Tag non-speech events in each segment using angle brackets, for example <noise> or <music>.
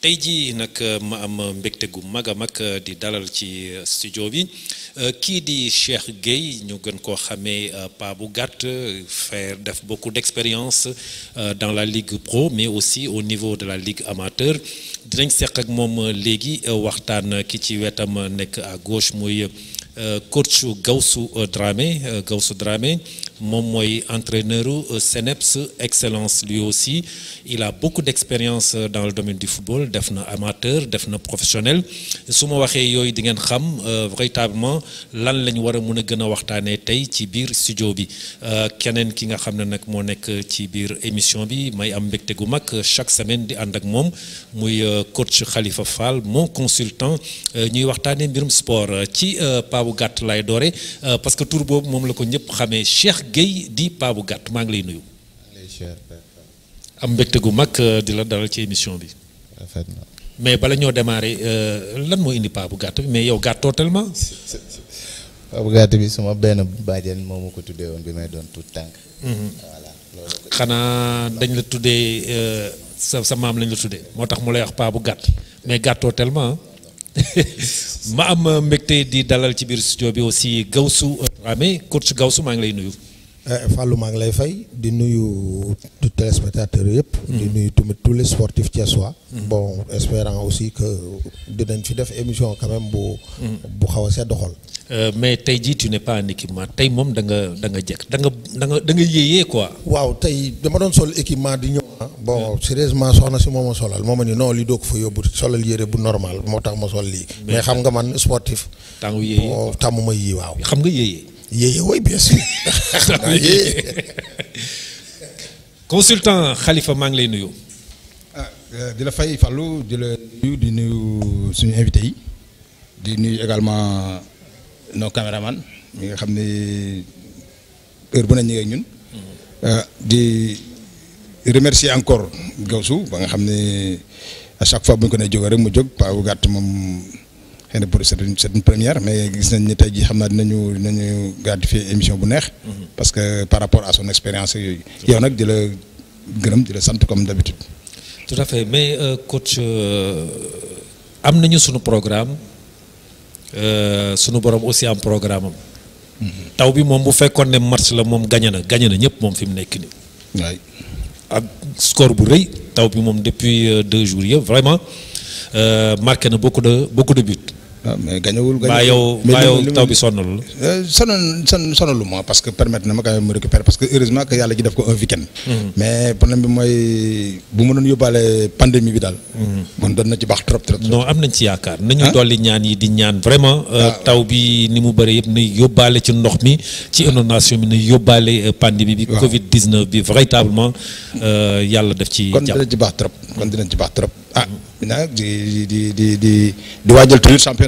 tey nak nag euh, ma am mbégte gu mag euh, di dalal ci euh, studio bi ki di Cheikh Gueye ñu gën ko xamé pa bu gatt faire def beaucoup d'expérience dans la ligue pro mais aussi au niveau de la ligue amateur dinañ seq ak mom légui waxtaan ki ci wétam nek à gauche moy euh, coach Gawsu euh, Dramé euh, Gawsu Dramé moom entraîneur CNEPS excellence lui aussi il a beaucoup d'expérience dans le domaine du football defna amateur defna professionnel su ma waxee yooyu di ngeen xam véritablement lan lañ wara mëna gëna waxtané tay ci biir studio bi Kenen ki nga xamné ne mo nek ci biir émission bi may am mbégte gu mak chaque semaine di ànd ak coach Khalifa Fall mon consultant ñuy waxtané mbirum sport ci par Paabu Gàtt lay doré euh, parce que tur boobu moom la ko ñëpp xamé Cheikh Gueye di Paabu Gàtt ma ngi lay nuyu. am mbégte gu mak euh, di la dalal ci émission bi. mais bala ñoo démarrer euh, lan mo indi Paabu Gàtt bi mais yow gàttoo totalement Paabu Gàtt bi suma ben bàjjen moo ma ko tuddee woon bi may don tout tank mhm. voilà xanaa dañ la tuddee sa mam maam lañ la tuddee moo tax mu lay wax Paabu Gàtt mais gàttoo tellement. Hein. <laughs> ma am mbégte di dalal ci biir studio bi aussi Gawsu Dramé coach Gawsu maa ngi lay nuyu. Eh, Fallou maa ngi lay fay di nuyu tout téléspectateur yëpp. Mm. di nuyu tamit tous les sportifs thiessois. Mm. bon espérant aussi que dinañ fi def émission quand bu. Mm. bu xaw a euh, mais tey jii tu n'es pas en équipement tey moom da nga da nga jekk da nga da nga waaw tey dama doon sol équipement di ñëw. bon sérieusement soxna si moom ma solal moom ma ni non li doo ko fa yóbbu solal yére bu normal moo tax ma sol lii. mais xam nga man sportif. tàmmu yéeye waaw tàmmu ma yii waaw. xam nga yéeye. yéeye way bien sûr. <laughs> <laughs> consultant xalifa maa ngi lay nuyu. Ah, euh, di la fay Fallou di la nuyu di nuyu suñu invité yi di nuyu également nos man mi nga xam ne heure bu ne ñu ñun. Hmm. Euh, di. remercier encore Gawsu ba nga xam ne à chaque fois bu ñu ko ne jóge rek mu jóg Pa Abou Gàtt moom xëy na pour c'est une c'est première mais gis nañ ne tey jii xam naa dinañu dinañu gratifier émission bu neex. Mhm. parce que par rapport à son expérience yooyu. yow nag di la gërëm di la sant comme d'habitude. tout à fait mais euh, coach euh, am nañu suñu programme euh, sunu borom aussi am programme mhm. taw bi moom bu fekkoon ne match la moom gañe na gañe na ñëpp moom fi mu nekk nii. à score bu taw depuis euh, deux jours vraiment euh, marqué beaucoup de beaucoup de buts. waaw ah, mais gañawul gañawul. yow baa yow taw bi sonalul. Euh, sonal son sonalu ma parce que permettre na ma quand même mu parce que heureusement que yàlla ji def ko un week hmm. mais problème bi mooy bu mënoon yóbbaale pandémie bi daal. Hmm. man doon na ci baax trop trop. non am nañ ci yaakaar nañu ah? dolli ñaan yi di ñaan vraiment. Euh, ah. taw bi ni mu bëri yëpp na yóbbaale ci ndox mi ci inondation bi na yóbbaale euh, pandémie bi. Covid 19 bi véritablement yàlla def ci. kon dinañ ci baax trop kon dinañ ci baax trop. ah hmm. di di di di di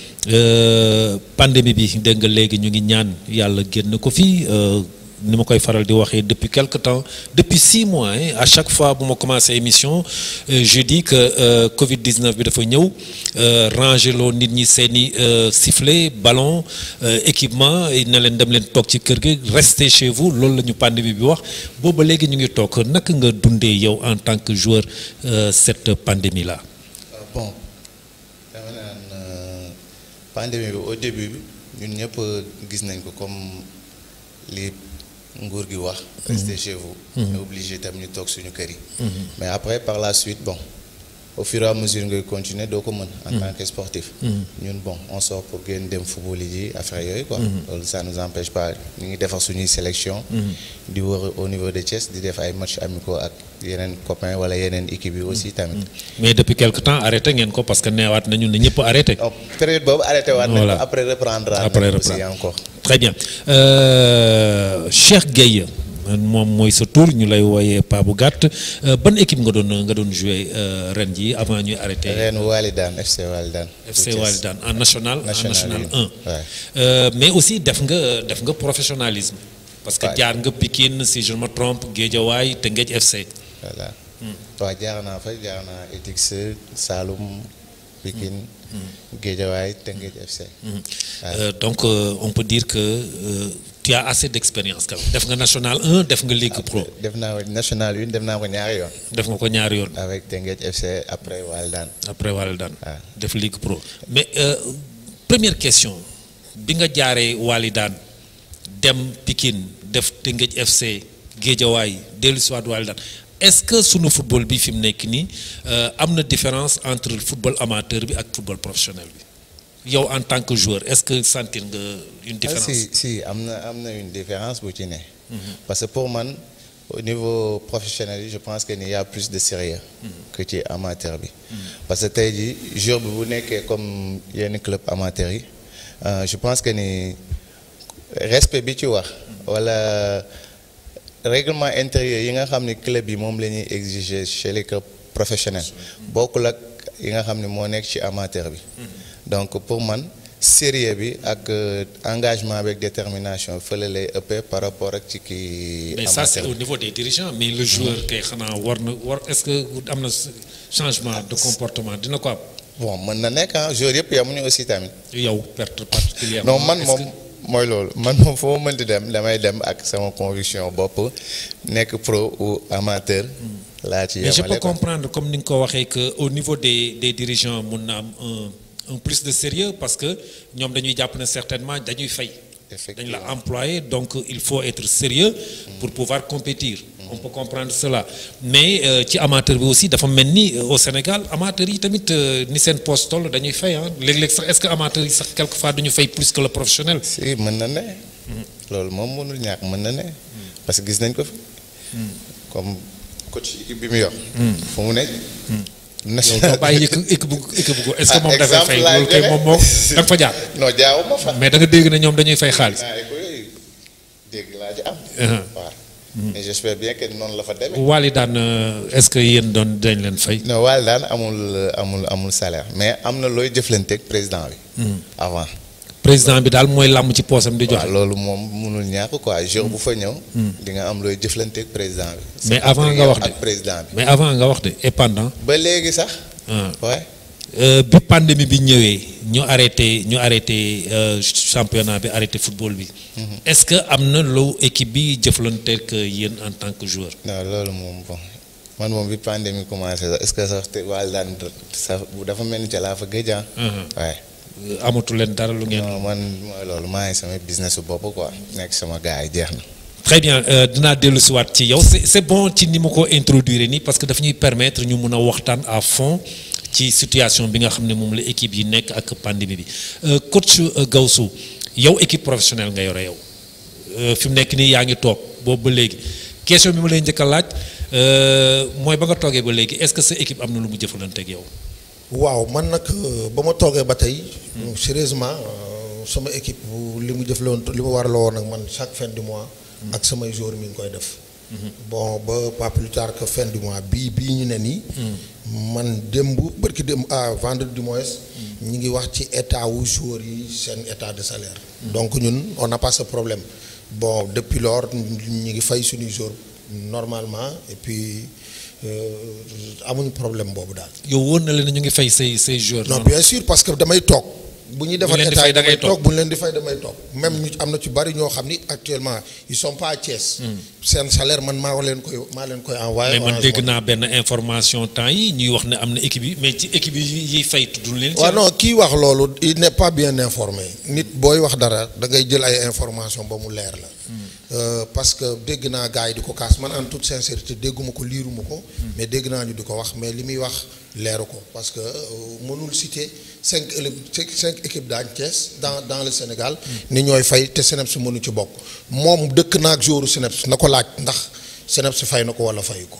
Euh, pandémie bi dégg nga ñu ngi ñaan yalla genn ko fii euh, ni ma koy faral di waxe depuis quelque temps depuis 6 mois hein, à chaque fois bu ma commencé émission euh, je dis que Covid 19 bi dafa ñëw ranger lo nit ñi seen i sifflet ballon équipement na leen dem leen tok ci kër gi rester chez vous loolu la ñu pandémie bi wax booba légui ñu ngi tok nak nga dundé yow en tant que joueur cette pandémie là. bon pandémie au début nous ñun pas gis nañ comme les nguur restez mhm. chez vous. et mhm. obligé tam ñu toog mhm. mais après par la suite bon au fur et à mesure que continuer doo ko en mm. tant que sportif. Mm. ñun bon on sort pour gën dem football yi affaire yooyu quoi. Mm-hmm. loolu ça nous empêche pas ñu ngi une sélection. Mm-hmm. di au niveau de Thiès di def ay match amicaux ak des copains wala yeneen équipe yi aussi mm-hmm. mais depuis quelque temps arrêté ngeen ko parce que neewaat nañu ne ñëpp arrêté. Oh, période bob arrêté waat après reprendre. après reprendre encore. très bien euh, Cheikh Gueye. Moi, ce tour ñu lay wooyee pa bu gàtt euh, ban équipe nga doon nga doon joué euh, Rendi, ji avant ñuy arrêter Rendi, Walidan FC Walidan FC Walidan en national. en national 1. Euh, mais aussi def nga def nga professionnalisme. parce que jaar nga Pikine si je ne me trompe Guédiawaye Teungueth FC. voilà Toi, hmm. jaar naa fait jaar naa Etix Saloum Pikine. Hmm. Hmm. Guédiawaye Teungueth FC. donc on peut dire que tu as assez d'expérience quand même def nga national 1 def nga ligue pro. def national 1 def as ko ñaari yoon. def avec Teungueth FC après Walidane. après Walidane. Ah. def ligue pro mais euh, première question tu as fait Walidane dem Pikine def as FC Guédiawaye dellu si waat est-ce que le football bi fi y une une différence entre le football amateur et le football professionnel yow en tant que joueur est-ce que sentir nga une ah, différence. si si y a une différence bu ci mhm. parce que pour moi, au niveau professionnel je pense qu'il y a plus de sérieux mhm. que ci amateur bi. Mhm. parce que tey dit joueur bi bu nekkee comme un club amateur euh, je pense que ni respect bi ci wax. wala règlement intérieur yi nga a des club qui sont exigés exiger chez les clubs professionnels Il ak yi nga xam qui sont ci amateur donc pour moi, sérieux avec euh, engagement avec détermination faut les par rapport ce qui qui mais ça c'est au niveau des dirigeants mais le joueur qui est-ce que changement de comportement dina quoi bon ah, aussi perte particulièrement non moi, moi, moi, Moi, man suis pro mais je peux comprendre comme que au niveau des dirigeants mon plus de sérieux parce que nous avons jàpp certainement dañuy fay. dañ la employé donc euh, il faut être sérieux pour pouvoir compétir on peut comprendre cela mais qui euh, amateur aussi euh, au Sénégal amateur tamit ni seen poste hein. est-ce que amateur amateurs, sax fois plus que le professionnel si mën na ne loolu moom parce que gis nañ hmm. comme coach il est yor hmm. national bàyyi équipe bu équipe bu est-ce que ah, moom dafay fay moom moom <laughs> da fa jaar. jaaw ma mais da dégg ne ñoom dañuy fay xaalis. dégg laa ci uh-huh. noonu la fa demee. Waly daan euh, est-ce que yéen doon dañ leen fay. non Waly daan amul amul amul salaire mais am na looy jëflanteeg président bi. Hmm. président bi daal mooy làmm ci posam di jox loolu mom mënul ñàkk quoi jour bu fa ñew hmm. di nga am loy looy ak président mais avant nga wax de président mais avant nga wax de et pendant. ba légui sax. waaye. Ah. Euh, bi pandémie bi ñëwé ñu arrêté ñu arrêté euh, championnat bi arrêté football bi. Mhm. est-ce que amna lo équipe bi jëflanteeg euh, yéen en tant que joueur. waaw loolu mom bon. man mom bi pandémie commencé sax est-ce que sax te waa sax dafa melni ni ca fa gëj waaye. Ah. Uh-huh. Euh, amatu len dara lu ngeen. man mooy loolu maa ngi sama business bop quoi nek sama gaay yi jeex na. très bien euh, dinaa dellu si waat ci yow c'est bon ci ni ma ko introduire ni parce que daf ñuy permettre ñu mëna waxtaan à fond ci situation bi nga xam mom la équipe yi nek ak pandémie bi euh, coach Gaoussou yow équipe professionnelle nga yoré yow fi mu nek ni yaa ngi toog boobu ba léegi question bi ma lay njëkk a laaj mooy ba nga toogee ba léegi est-ce que sa équipe am na lu mu jëflanteeg yow waaw man nag euh, ba ma toogee ba tey. Hmm. Euh, sérieusement euh, sama équipe li mu jëfle woon li mu warloo woon ak man chaque fin du mois. Hmm. ak samay jour mi ngi koy def. Hmm. bon ba pas plus tard que fin du mois bi bi ñu ne nii. man parce que dem, ah vendredi du moins. ñu ngi wax ci état wu joueurs état de salaire. donc ñun on n'a pas ce problème bon depuis lors ñu ngi fay suñuy jour normalement et puis. Euh, amuñu problème boobu daal. yow wóor na leen ñu ngi fay say say joueurs. non bien sûr parce que damay toog. bu ñuy defar état damay toog bu ñu leen di fay damay toog. même ñu am na ci bari ñoo xam ni actuellement ils hmm. seen salaire man maa leen koy maa leen koy envoyé. mais man naa benn information temps yi ñuy wax ne am na équipe yi mais ci équipe yi yiy fay tudd leen. waaw non kii wax loolu il n'est pas bien informé. nit booy wax dara da ngay jël ay information ba mu leer la. Hmm. Euh, parce que dégg naa gars yi di ko kaas man en toute sincérité dégguma ko liiruma ko. Hmm. mais dégg naa ñu di ko wax mais li muy wax leeru ko parce que euh, mënul cité cinq élèves cinq équipe daañu Thiès dans dans le Sénégal. Hmm. ni ñooy fay te CNEPS mënu ci bokk. moom dëkk naag jouru CNEPS na ko laaj ndax CNEPS fay na ko wala fayu ko.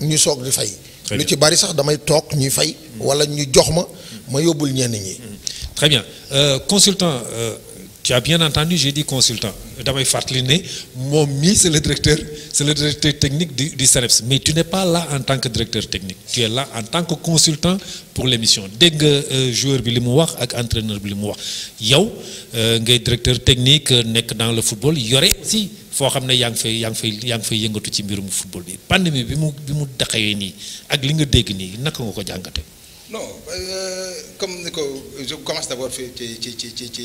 ñu soog di fay. lu ci bari sax damay tok ñuy fay. wala ñu jox ma ma ñenn ñi. très bien euh, consultant euh, tu as bien entendu j'ai dit consultant damay fàttali ne mon mii c'est le directeur c'est le directeur technique du du mais tu n'es pas là en tant que directeur technique tu es là en tant que consultant pour l'émission missions des euh, joueur bi limu wax ak entraîneur bi limu wax yow euh, ngay directeur technique nek dans le football aurait aussi foo xam ne yaa ngi fay yaa ngi fay yaa ngi fay yëngatu ci mbirum football bi pandémie bi mu bi mu daqayee nii ak li nga dégg nii naka nga ko jàngate no euh, comme ni ko je commence d'abord fii ci ci ci ci ci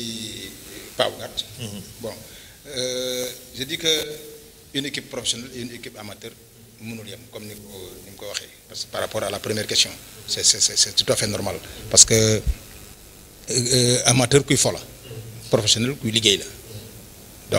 Pape Ougat mhm. bon euh, je dis que une équipe professionnelle et une équipe amateur mënul yem comme ni ko ni mu ko waxee parce que par rapport à la première question c'est c'est tout à fait normal parce que euh, amateur kuy fola professionnel kuy liggéey la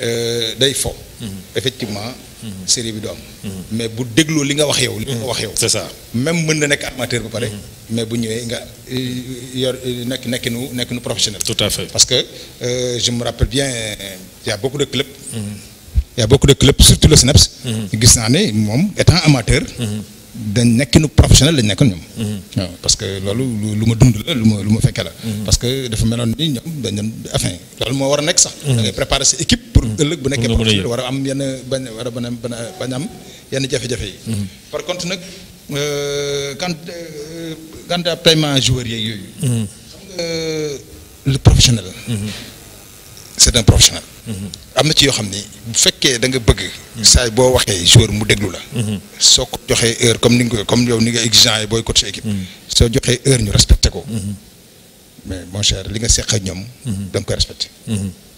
Euh, day fo. Mhm. effectivement. Mhm. série bi do am. Mhm. mais bu déglo li nga wax yow. li nga wax yow. c'est ça même meun na nek amateur ba pare. mais bu ñëwé nga euh, yor nek euh, nekk nu nek nu professionnel. tout à fait parce que je me rappelle bien y a beaucoup de clubs. y a beaucoup de clubs surtout le snaps gis na né mom étant amateur. dañ nekkinu professionnel lañ nekkoon ñoom. Mhm. waaw parce que loolu lu ma dund la lu ma lu ma fekke la. Mhm. parce que dafa meloon ni ñoom dañ doon enfin loolu moo war a nekk sax. Mhm. da ngay préparer sa équipe. pour ëllëg bu nekkee professionnel war a am yenn bañ war a bañ am yenn jafe-jafe yi. par contre nag euh, quand euh, quand à paiement joueur yeeg yooyu. xam professionnel. c'est un professionnel. Mm-hmm. am na ci yoo xam ni bu fekkee da nga bëgg. Mm-hmm. saay boo waxee joueur mu déglu la. Mm-hmm. soo ko joxee heure comme ni nga comme yow ni nga exigeant yi booy coach équipe. soo joxee heure ñu respecté ko. mais mon li nga seq ak ñoom. da nga koy respecté.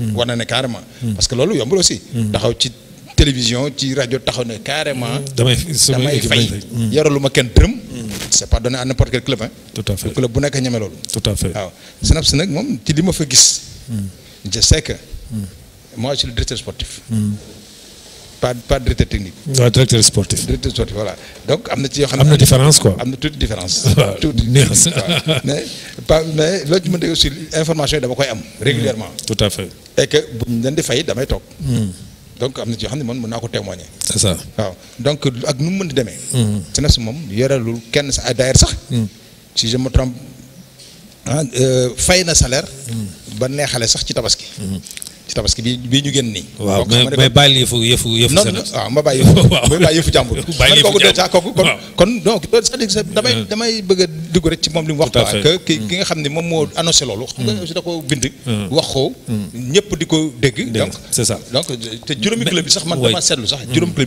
Mm. war na ne carrément. Mm. parce que loolu yombul aussi. Mm. taxaw ci télévision ci rajo taxaw ne carrément. damay damay fay yaralu ma kenn dërëm. c' est donné à n' importe quel club hein. club bu nekk ñeme loolu. tout waaw Snaps nag moom ci li ma fa gis. je sais que moi je suis directeur sportif. pas pas directeur technique. waaw directeur sportif. directeur sportif voilà donc am na ci yoo xam ne. différence quoi am na tuuti différence. <laughs> toute tuuti <laughs> mais pas mais loo ci mën a aussi information yi dama koy am. régulièrement mm. tout à fait. et que bu ñu leen di fay damay toog. Mm. donc am na ci yoo xam ne man ko témoigner. c'est ça waaw donc ak nu mu mën di demee. Mm. CNEPS moom yorelul kenn sa d'ailleurs sax. si je me trompe ah, euh, fay na salaire. ba neexale sax ci tabaski parce tabaski bi ñu mais non non ma annoncé xam nga aussi da bind. donc c'est ça donc te club bi sax mm. club mm.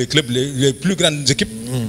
les clubs les les plus grandes équipes. Mm.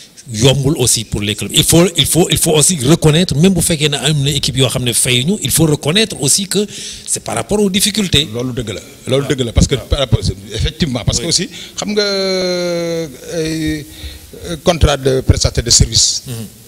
yombul aussi pour les clubs il faut il faut il faut aussi reconnaître même bu fekkee ne am équipe qui xam ne fayuñu il faut reconnaître aussi que c'est par rapport aux difficultés. loolu dëgg la loolu dëgg la parce que effectivement parce que aussi xam nga euh, contrat de prestataire de service. Mhm.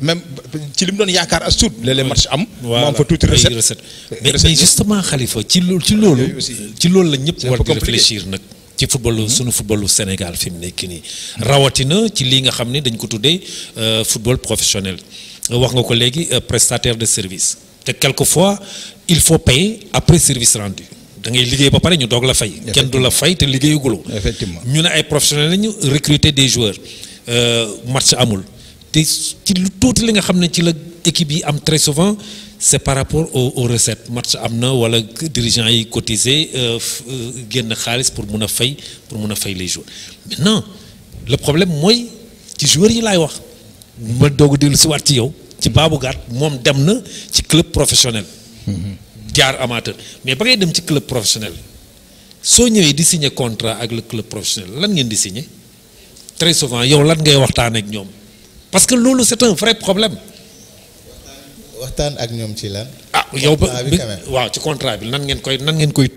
même ci li mu doon yaakaar as tuut léeg-léeg match am. voilà am fa tuuti recette. mais justement Khalifa ci lolu ci lolu ci lolu la ñëpp war di réfléchir nak ci football hmm. suñu football footballu Sénégal fim mu nekk rawatina ci li nga xam dañ ko tuddee euh, football professionnel. Euh, wax nga ko légui euh, prestataire de service. te quelquefois il faut payer après service rendu. da ngay liggéey ba paré ñu dog la fay. kenn du la fay te liggéeyaguloo. effectivement ñu né ay professionnels ñu recruter des joueurs euh match amul. Tout ci lu tuuti li nga xam ci la équipe am très souvent c'est par rapport aux aux recettes match am na wala dirigeants yi cotiser euh, euh, génn xaalis pour mun fay pour mun fay les joueurs maintenant le problème moi, ci joueur yi laay wax ma dogu de dellu si waat ci yow ci Babou Ghat moom ci club professionnel diar amateur mais ba ngay dem ci club professionnel soo ñëwee di signer contrat ak le club professionnel lan ngeen di signer très souvent yow lan ngay waxtaan ak ñoom parce que loolu c'est un vrai problème. waxtaan ak ñom ci lan. ah yow ba waaw ci contrat bi nan ngeen koy nan ngeen koy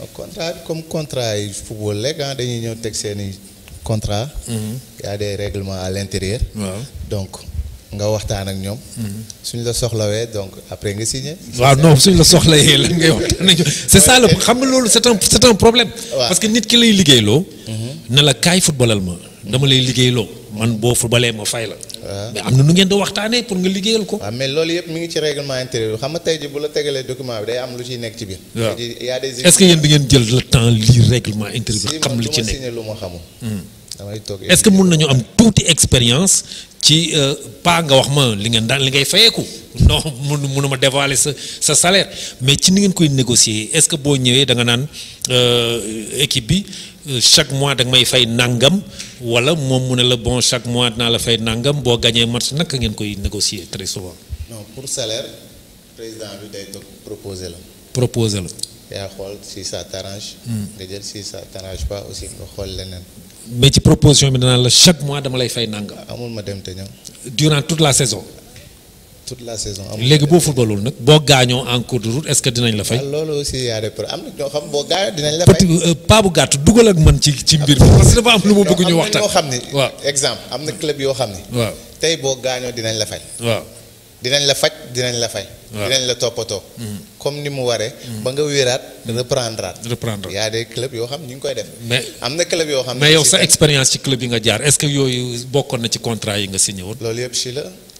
Un oh, contrat comme contrat yi football rek ah dañuy ñëw tek seeni contrat. Il mhm. y a des règlements à l'intérieur. waaw donc nga waxtaan ak ñoom. Mhm. suñ la soxlawé donc après nga signé. waaw non suñ la soxlayé ngay waxtaan ak <laughs> c'est ça le xam nga loolu c'est un c'est un problème. parce que nit ki lay liggéeyloo. Mhm. n'a la kay footballal ma dama lay liggéeyloo. man boo footballee ma fay la. Ah. mais am na nu ngeen di waxtaanee pour nga liggéeyal ko. waaw ah, mais loolu yëpp mi ngi ci règlement intérieur xam nga tey bu la bi ngeen jël le temps lire règlement intérieur bi xam li ci nekk lu ma hmm. est-ce que mun nañu am tuuti expérience ci euh, pas nga wax ma li ngeen daan li ngay fayeeku <laughs> non mun munuma dévoiler sa sa salaire mais ci ni ngeen koy négocier est-ce que boo ñëwee da nga naan euh, équipe bi. Euh, chaque mois da nga may fay nangam wala moom mu ne la bon chaque mois dinaa la fay nangam boo gañee match naka ngeen koy négocier très souvent. non pour salaire président bi day ko proposer la. proposer la. xool si ça t'arrange. Hmm. nga si ça t'arrange pas aussi nga xool leneen. mais ci proposition bi danaa la chaque mois dama lay fay nangam. amul ma dem te ñëw. durant toute la saison. toute la saison. léegi boo footballul nag boo en cours de route est-ce que dinañ la fay. Ah, loolu aussi a xam la fay. Euh, bu ak man ci ci mbir parce que dafa am lu bëgg ñu waxtaan. am exemple am club yoo xam waaw tey boo gaañoo dinañ la fay. waaw la la fay. la mhm. comme ni mu waree. Mhm. ba nga reprendre y a des clubs mais club expérience ci club yi est-ce que yooyu bokkoon na ci contrat yi nga signé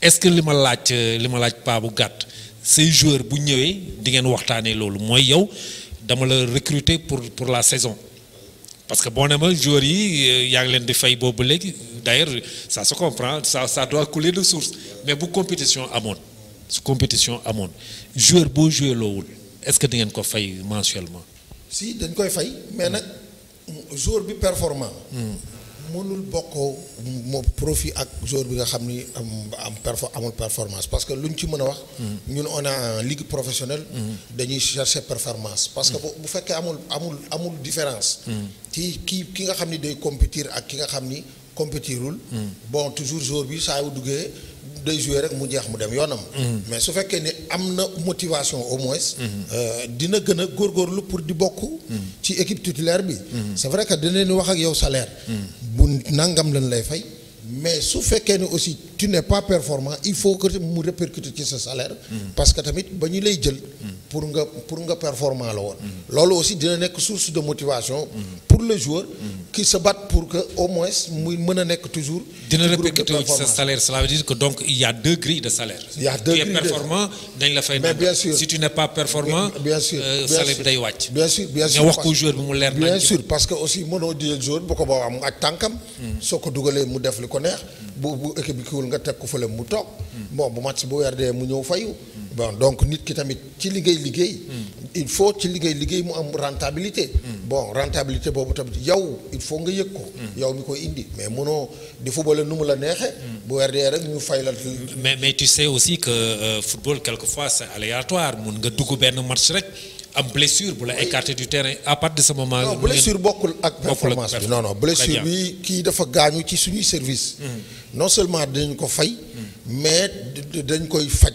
est-ce que lima ma laaj euh, li pas laaj paa bu gàtt ces joueurs bu ñëwee di ngeen waxtané loolu moy yow dama le recruter pour pour la saison parce que boo ne ma joueurs yi euh, yaa ngi leen di fay boobu légui d'ailleurs ça se comprend ça ça doit couler de source mais bu compétition amone su compétition amone joueur beau jouer lool. est-ce que di ngeen ko fay mensuellement. si dañ koy fay mais nak joueur bi performant. Hmm mënul bokko mo profit ak joueur bi nga xamni am am amul performance parce que luñ ci mëna a wax. ñun on a en ligue professionnelle. dañuy chercher performance. parce que bu fekke amul amul amul différence. ci ki ki nga xamni day compétir ak ki nga xamni compétirul. bon toujours joueur bi sa yu duggé de jouer rek mu jeex mu dem yonam mhm. mais su fekkee ni amna motivation au moins. Mhm. Euh, dina gën gor góorgóorlu pour di bokku mhm. ci équipe titulaire bi. c'est vrai que ni wax ak yow salaire. bu nangam lañ lay fay mais su fekkee ni aussi tu n'es pas performant il faut que mu répercute ce sa salaire mm-hmm. parce que tamit ba ñu lay jël mm-hmm. pour nga pour nga performant la woon mm-hmm. aussi dina nekk source de motivation pour le joueur qui se bat pour que au moins il mën a toujours dina répercuter ci sa salaire cela veut dire que donc il y a deux grilles de salaire il y a deux grilles performant dañ la fay mais bien sûr si tu n'es pas performant bien sûr euh, salaire bi day bien sûr bien sûr nga wax ko joueur bi mu leer bien sûr parce que aussi mënoo jël joueur bu ko boo am ak tànkam soo ko dugalee mu def li ko neex bu équipe nga teg ko fële mu toog. Hmm. bon bu match bu weer dee mu ñëw fayu. Hmm. bon donc nit ki tamit ci liguey liguey hmm. il faut ci liguey liguey mu am rentabilité. Hmm. bon rentabilité bobu tamit yow il faut nga yëg ko. Hmm. yow mi koy indi mais mono di football nu mu la nexé bu weer rek ñu fay la. mais mais tu sais aussi que euh, football quelquefois c'est aléatoire mun nga dugg ben match rek. am blessure bu la écarté du terrain à partir de ce moment. non blessure bokul ak performance bi non non blessure bi ki dafa gañu ci suñu service non seulement dañ ko fay. mais dañ koy faj.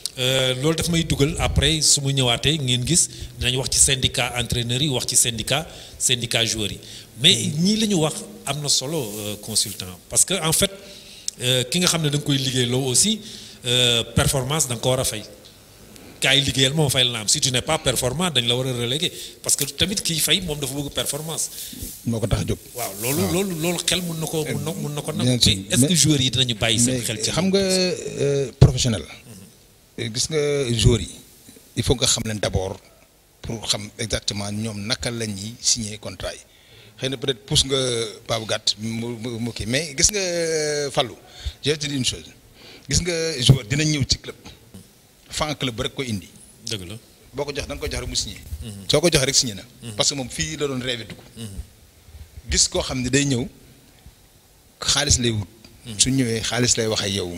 Euh, loolu daf may dugal après su mu ñëwaatee ngeen gis dinañ wax ci syndicat entraîneurs yi wax ci syndicat syndicat joueurs yi mais ñii la ñu wax am na solo euh, consultant parce que en fait euh, ki nga xam ne da nga koy liggéey loo aussi performance da nga ko war a fay kaay liggéeyal moom fay la si tu n'es pas performant dañ la war a relégué parce que tamit kiy fay moom dafa bëgg performance. moo ko tax a jóg. waaw loolu loolu loolu xel mun na ko mun na mun na ko. est-ce que joueurs yi dinañu bàyyi seen xel ci xam nga professionnel. Eh, gis nga joueurs yi il faut nga xam leen d'abord pour xam exactement ñoom naka la ñuy signer contrat yi xëy na peut-être pousse nga Pape Gàtt mu mu kii mais gis nga euh, Fallou je te dis une chose gis nga joueur dina ñëw ci club fan club rek ko indi. dëgg la boo ko jox da nga ko jox rek mu signé. Mhm. soo ko jox rek signé na. Mhm. parce que moom fii la doon rêvé dugg. Mhm. gis koo xam ne day ñëw xaalis lay wut. su ñëwee xaalis lay wax yow.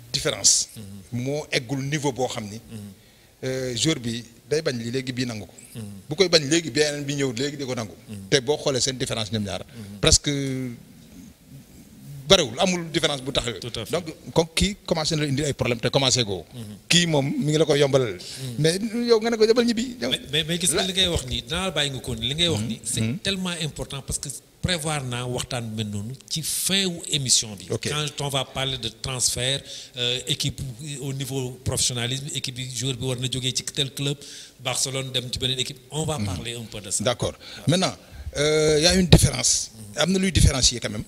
différence. moo eggul niveau boo xam ni. Euh, jour bi day bañ li léegi bii nangu ko. Mm-hmm. bu koy bañ léegi beneen bi ñëw léegi di ko nangu. Mm-hmm. te boo xoolee seen différence ñoom ñaar. Mm-hmm. presque barewul amul différence bu différence donc kon kii commencé na la indi ay problème te commencé koo mhm. kii mom mi ngi la ko yombal mhm. mais yow nga ne ko yombal ñibi mais mais gis li ngay wax ni bay nga ko ni li ngay wax ni c'est mhm. tellement important parce que prévoir na waxtaan mel noonu ci fin wu émission bi quand on va parler de transfert euh, équipe au niveau professionnalisme équipe bi joueur bi war na jógee ci tel club Barcelone dem ci beneen équipe on va parler un peu de ça d'accord maintenant il euh, y a une différence am na luy différencier quand même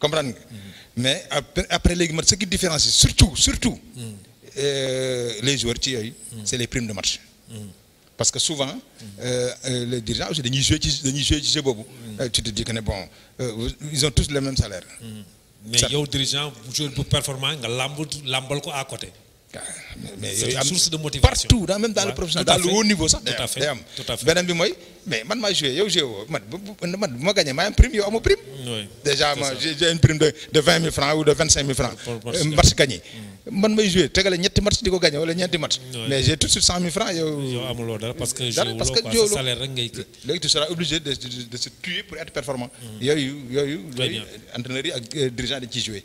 comprendre mais après après ce qui différencie surtout surtout. Mm. Euh, les joueurs ci mm. c'est les primes de match. Mm. parce que souvent euh, euh, les dirigeants aussi des jouer des jouer ci tu te dis que est bon ils ont tous le même salaire. mais yow dirigeant joueur plus performant nga ko à côté mais euh, source de motivation partout dans même dans le professionnel dans le haut niveau sax day am bi moy mais man maa jouer yow jeu woo man man gagner ma gagné maa am prime yow prime. déjà j'ai une prime de de vingt francs ou de 25000 francs. Euh, match gagné mm. man may jouer tégalé ñetti match diko gagner wala ñetti match. mais j'ai tout de suite 100000 francs yow. yow lo dara parce que. dara parce que yow salaire rek ngay kii. léegi tu seras obligé de de se tuer pour être performant. Mm. yooyu yooyu. yooyu yi ak euh, dirigeant de qui jouer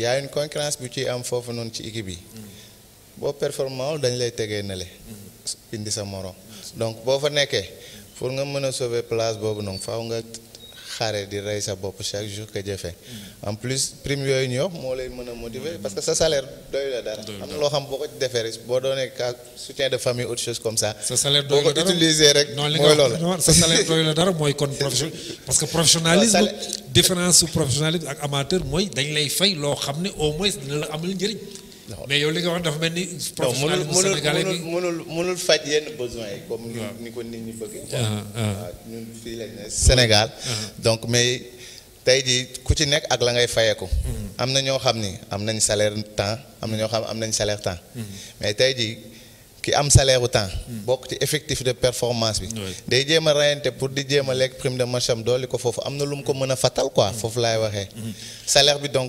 y a une concurrence bu ciy am foofu noonu ci équipe bi boo performant dañ lay tegee nele indi sa morom donc boo fa nekkee pour nga mën a sauver place boobu noonu faw nga xaaree di rey sa bopp chaque jour que jëfe en plus prime yooyu ñu wax moo lay mën a motiver parce que sa salaire doy la dara am na loo xam boo ko defee rek boo doonee soutien de famille autre chose comme ça sa salaire doy la dara boo ko utiliser rek mooy loolu sa salaire doy la dara mooy kon profession parce que professionnalisme différence su professionnalisme ak amateur mooy dañ lay fay loo xam ne au moins dina la amal njëriñ mais yow li nga wax dafa professionnalisme sénégalais bi mënul mënul yenn comme Sénégal. donc mais tey jii ku ci nekk ak la ngay fayeeku. Hmm. salaire temps am na xam salaire temps. Hmm. mais tey ki am salaire temps. Hmm. ci effectif de performance bi. day jéem a pour di jéem prime de match ko foofu lu ko fatal quoi salaire donc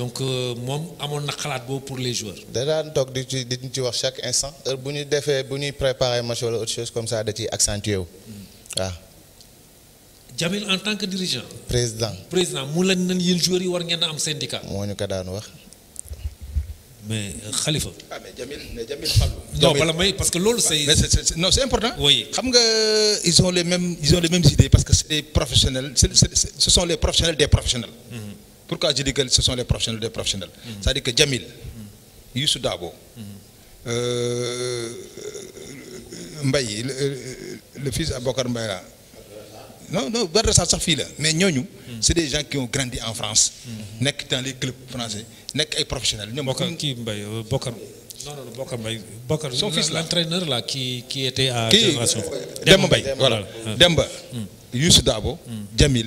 donc euh, moi, amon nakalat bo pour les joueurs. da daan di ci ci wax chaque instant heure buñu défé defee préparer match wala autre chose comme ça da accentuer. accentué hmm. Ah. Jamil en tant que dirigeant. président président mu la nan yéen joueurs yi war ngeen am syndicat. moñu ka daan wax. mais euh, Khalifa. ah mais Jamil mais Jamil Fallou. non wala may parce que lolu c'est. non c'est important. oui xam nga ils ont les mêmes ils ont les mêmes idées parce que c'est des professionnels ce sont les professionnels des professionnels. Hmm. Pourquoi je dis que ce sont les professionnels des professionnels mm. C'est-à-dire que Djamil, Youssou Dabo, mm. euh, Mbaye, le, le, fils Abokar Mbaye, non, non, ça fils. mais nous, mm. c'est des gens qui ont grandi en France, dans les clubs français, des professionnels. Qui Mbaye euh, Bokar non, non, Bokar Mbaye. Bokar, son fils L'entraîneur là qui, qui était à qui, Génération. Demba Mbaye, voilà. Demba, Youssou Dabo, Djamil,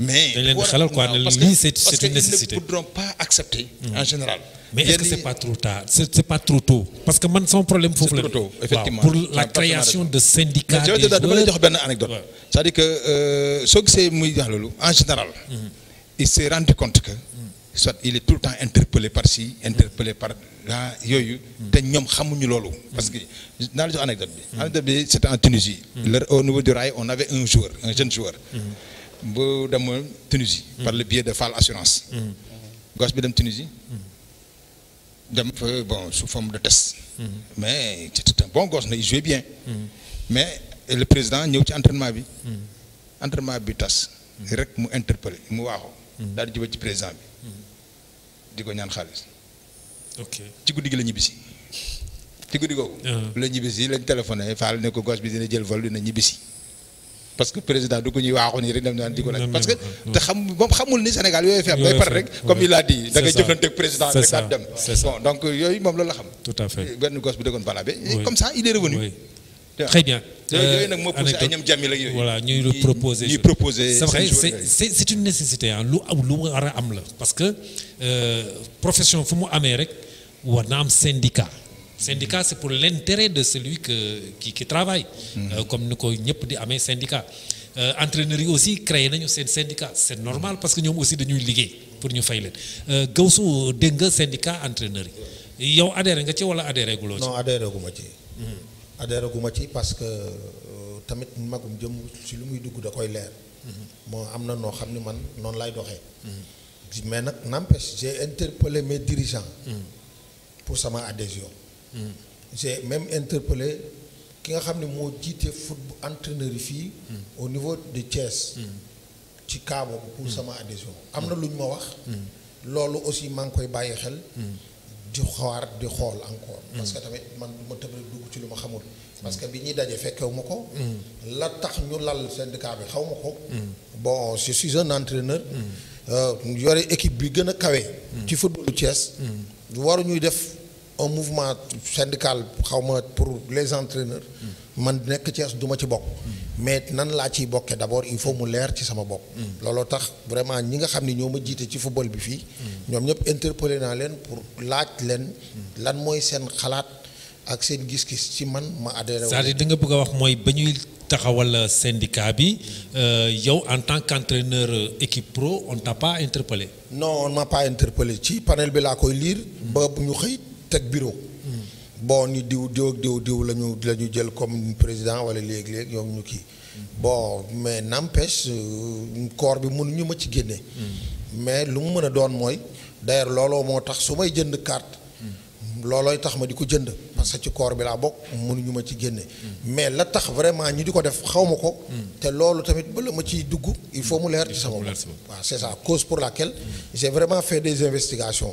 mais c'est une nécessité. Ils ne voudront pas accepter hmm. en général. Mais est-ce que ce pas trop tard C'est pas trop tôt. Parce que un problème, pour la création de syndicats. Je vais te donner une anecdote. C'est-à-dire que ce que c'est en général, hmm. il s'est rendu compte que il est tout le temps interpellé par ci, interpellé par là, yoyu, hmm. te ñom xamuñu lolu parce que dans l'anecdote une anecdote c'était en Tunisie. Au niveau du rail, on avait un joueur, un jeune joueur bu demoon Tunisie. par le biais de Fall Assurance. gos bi dem Tunisie. dem fa bon sous forme de test. mais c'était un bon gosse il jouait bien. mais le président ñëw ci entraînement bi. entraînement bi tas. rek mu interpellé mu waaxoo. daal di jubal ci président bi. di ko ñaan xaalis. ok ci guddi gi la ñibbisi. ci guddi googu. Uh-huh. la ñibbisi lañ téléphoné Fall ne ko gos bi dina jël vol dina ñibbisi parce que président du parce que comme il l'a dit président donc il tout à fait comme ça il est revenu très bien c'est une nécessité hein. la parce que euh, profession Amérique ou syndicat syndicat c'est pour l'intérêt de celui que, qui, qui travaille mhm. euh, comme nous ko ñep di amé syndicat euh, entraîneurs yi aussi créer nañu seen syndicat c'est normal parce que ñom aussi dañuy liggéey pour ñu fay leen euh, Gawsu dégg nga syndicat entraîneurs yow adhéré nga ci wala adhéré guloo non adhéré guma ci ci. Mhm. adhéré gu guma ci parce que euh, tamit magum jëm ci lu muy dugg da koy leer. Mhm. moo am na noo xam ni man non lay doxé doxee. mais nak n'empêche j'ai interpellé mes dirigeants. pour sama adhésion. Mm. j'ai même interpellé ki nga xam ne moo football entraîneur yi mm. au niveau de Thiès. Mm. ci cas pour sama adhésion. am na lu ñu ma wax. aussi maa koy baye xel. di xaar di xol encore. parce que tamit man du ma tëb ci luma ma xamul. parce que biñi dajé daje fekkewu ma la tax ñu lal syndicat bi xaw ma ko. bon je suis un entraîneur. Euh, yoré équipe bi gën a kawe. ci footballu Thiès. waru ñuy def un mouvement syndical xaw pour les entraîneurs man nekk Thiès du ci bokk mais nan laa ciy bokkee d'abord il faut mu leer ci sama bok lolo tax vraiment ñi nga xam ne ñoo ci football bi fi ñom ñep interpeller na len pour laaj len lan moy sen xalaat ak sen gis-gis ci man ma adhéré c'est-à-dire da nga bëgg wax moy bañuy ñuy taxawal syndicat bi euh yow en tant qu'entraîneur euh, équipe pro on t'a pas interpellé non on m'a pas interpellé ci panel bi la koy lire ba bu ñu xëy teg bureau. bon ni diw diw ak diw diw la ñu la jël comme président wala léeg-léeg ñoom ñu kii. bon mais n'empêche euh, corps bi mënuñu ma ci génne. mais lu mu mën a doon mooy d'ailleurs lolo moo tax su may jënd carte. loolooy tax ma di ko jënd parce que ci corps bi laa bokk mënuñu ma ci génne. mais la tax vraiment ñi di ko def xaw ma ko. te loolu tamit ba la ma ciy dugg il faut mu leer ci sama bopp. c'est ça cause pour laquelle j'ai vraiment fait des investigations.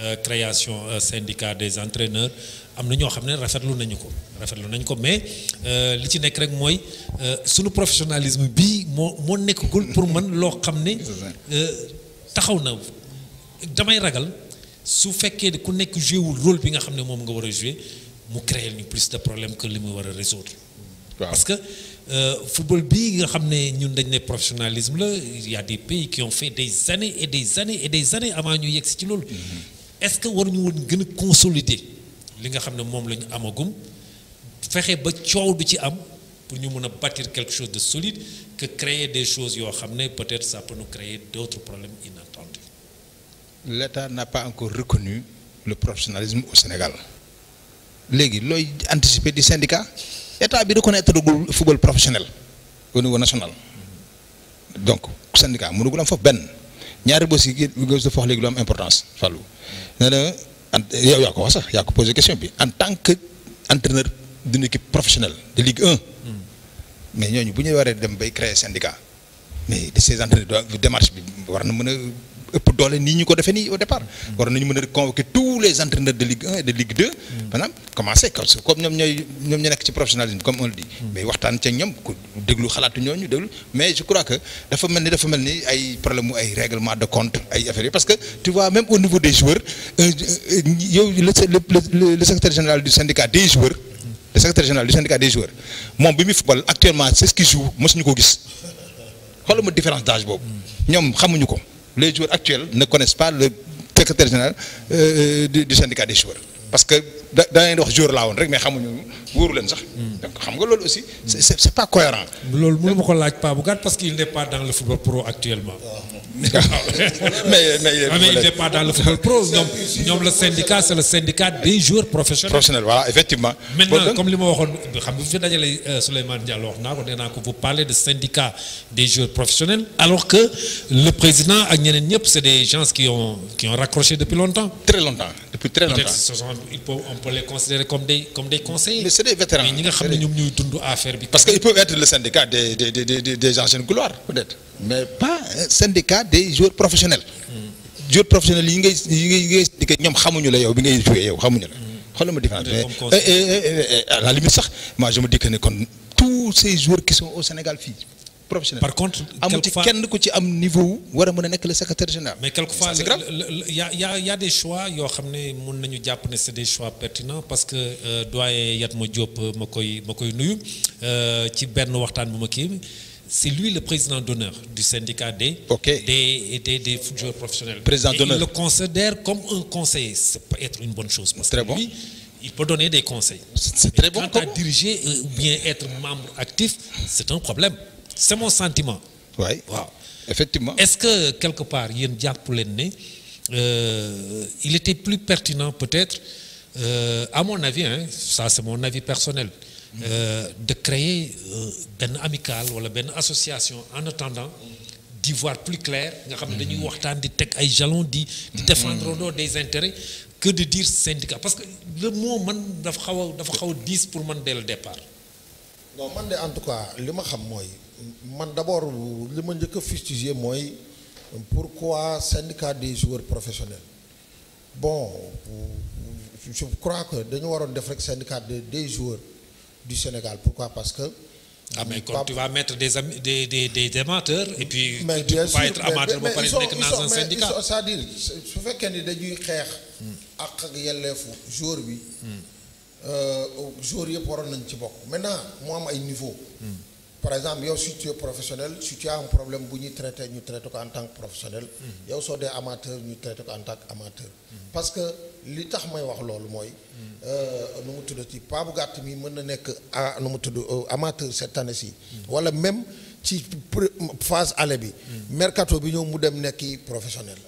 Euh, création euh, syndicat des entraîneurs am na xamné rafetlu nañu ko rafetlu nañ ko mais euh, li ci nek rek mooy suñu professionnalisme bii mo nek nekkagul pour man lo xamné ne taxaw na damay ragal su fekkee ku nek joué rôle bi nga xamné mom nga wara jouer mu créer ni plus de problème que limu wara résoudre. parce que football bi nga xam ne ñun dañ ne professionnalisme la il y a des pays qui ont fait des années et des années et des années avant ñu yegg si ci loolu. Mm-hmm est-ce que nous woon gën a consolider li nga xam ne moom amagum ba pour ñu bâtir quelque chose de solide que créer des choses yoo xam peut-être ça peut nous créer d'autres problèmes inattendus. L'État n'a pas encore reconnu le professionnalisme au Sénégal léegi looy anticiper di syndicat État bi reconnaître le football professionnel au niveau national donc syndicat mënugul am foofu benn. ñaari bo sigi nga def wax legui lu am importance fallu na la yow ya ko wax sax ya ko ya, poser question bi en tant que entraîneur d'une équipe professionnelle de Ligue 1 mm. mais ñoñu bu ñu waré dem bay créer syndicat mais de ces entraîneurs de démarche bi war na mëna pour donner ni ñu ko défé ni au départ. war nañu mëna a convoquer tous les entraîneurs de Ligue 1 et de Ligue 2. maanaam commencer. comme comme ñoom ñooy comme on dit. mais waxtaan ci ñom déglu mais je crois que dafa melni dafa melni ay problème ay règlement de compte ay affaire parce que tu vois même au niveau des joueurs euh, euh, le le secrétaire général du syndicat des joueurs. le secrétaire général du syndicat des joueurs mon bi football actuellement c'est ce qui joue mosuñu ko gis xoolal différence d'âge boobu ñoom xamuñu ko les joueurs actuels ne connaissent pas le secrétaire général euh, euh, du syndicat des joueurs parce que dans un leen là, on jour mais donc xam nga aussi. c'est pas cohérent. Je ne parce qu'il n'est pas dans le football pro actuellement. <laughs> mais mais mais ah, il n'est pas dans le football pro le syndicat c'est le syndicat des joueurs professionnels. professionnels voilà effectivement. maintenant comme li mot, waxoon xam euh, vous parlez de syndicat des joueurs professionnels alors que le président ak c'est des gens qui ont qui ont raccroché depuis longtemps. très longtemps depuis très longtemps. on peut les considérer comme des, comme des conseils. Mais c'est des vétérans. Parce qu'ils peuvent être le syndicat des, des, des, des anciennes gloires, peut-être. Mais pas un syndicat des joueurs professionnels. Mm. joueurs professionnels, ils ne savent pas xamuma différence ont eh, eh, eh, à la limite ça moi je me dis que ne comme tous ces joueurs qui sont au Sénégal fii professionnel. Par contre, amu ci kenn ku ci am niveau wara a nek le secrétaire général. mais quelquefois il y a y a y a des choix yo xamné ne nañu japp né c'est des choix pertinents parce que euh, doyen Yatma Diop euh, makoy makoy nuyu euh ci benn waxtaan bu ma C'est lui le président d'honneur du syndicat des, okay. des, des, des, joueurs professionnels. Président et il le considère comme un conseiller. Ça peut être une bonne chose. Parce très que bon. lui, il peut donner des conseils. C'est très quand bon. Quand diriger euh, ou bien être membre actif, c'est un problème c'est mon sentiment. oui effectivement est-ce que quelque part il y a un diable pour l'ennemi euh, il était plus pertinent peut-être euh, à mon avis hein, ça c'est mon avis personnel. Euh, de créer une amicale ou une association en attendant. d'y voir plus clair de mm-hmm. mm-hmm. défendre des intérêts que de dire syndicat parce que le mot man ne pas pour dès le départ. non en tout cas d'abord le monde que a fustiger pourquoi syndicat des joueurs professionnels bon je crois que nous avons def rek syndicat des joueurs du Sénégal pourquoi parce que. ah mais quand tu vas mettre des des des amateurs et puis. ne vas pas être amateur ba pare mettre dans un syndicat c'est-à-dire je fekkee ni dañuy xeex. ak ak yelleefu joueur bi. Hmm. Euh, joueur yëpp un maintenant moi, am niveau. Hmm par exemple si tu es professionnel si tu as un problème nous traitons ñu en tant que professionnel. Mm-hmm. yow tu es amateur nous traitons en tant qu'amateurs. Mm-hmm. parce que ce tax je wax dire, c'est que nous ne ci pas amateurs ah, amateur cette année ci. Mm-hmm. wala même si phase aller bi. mercato bi ñëw mu professionnel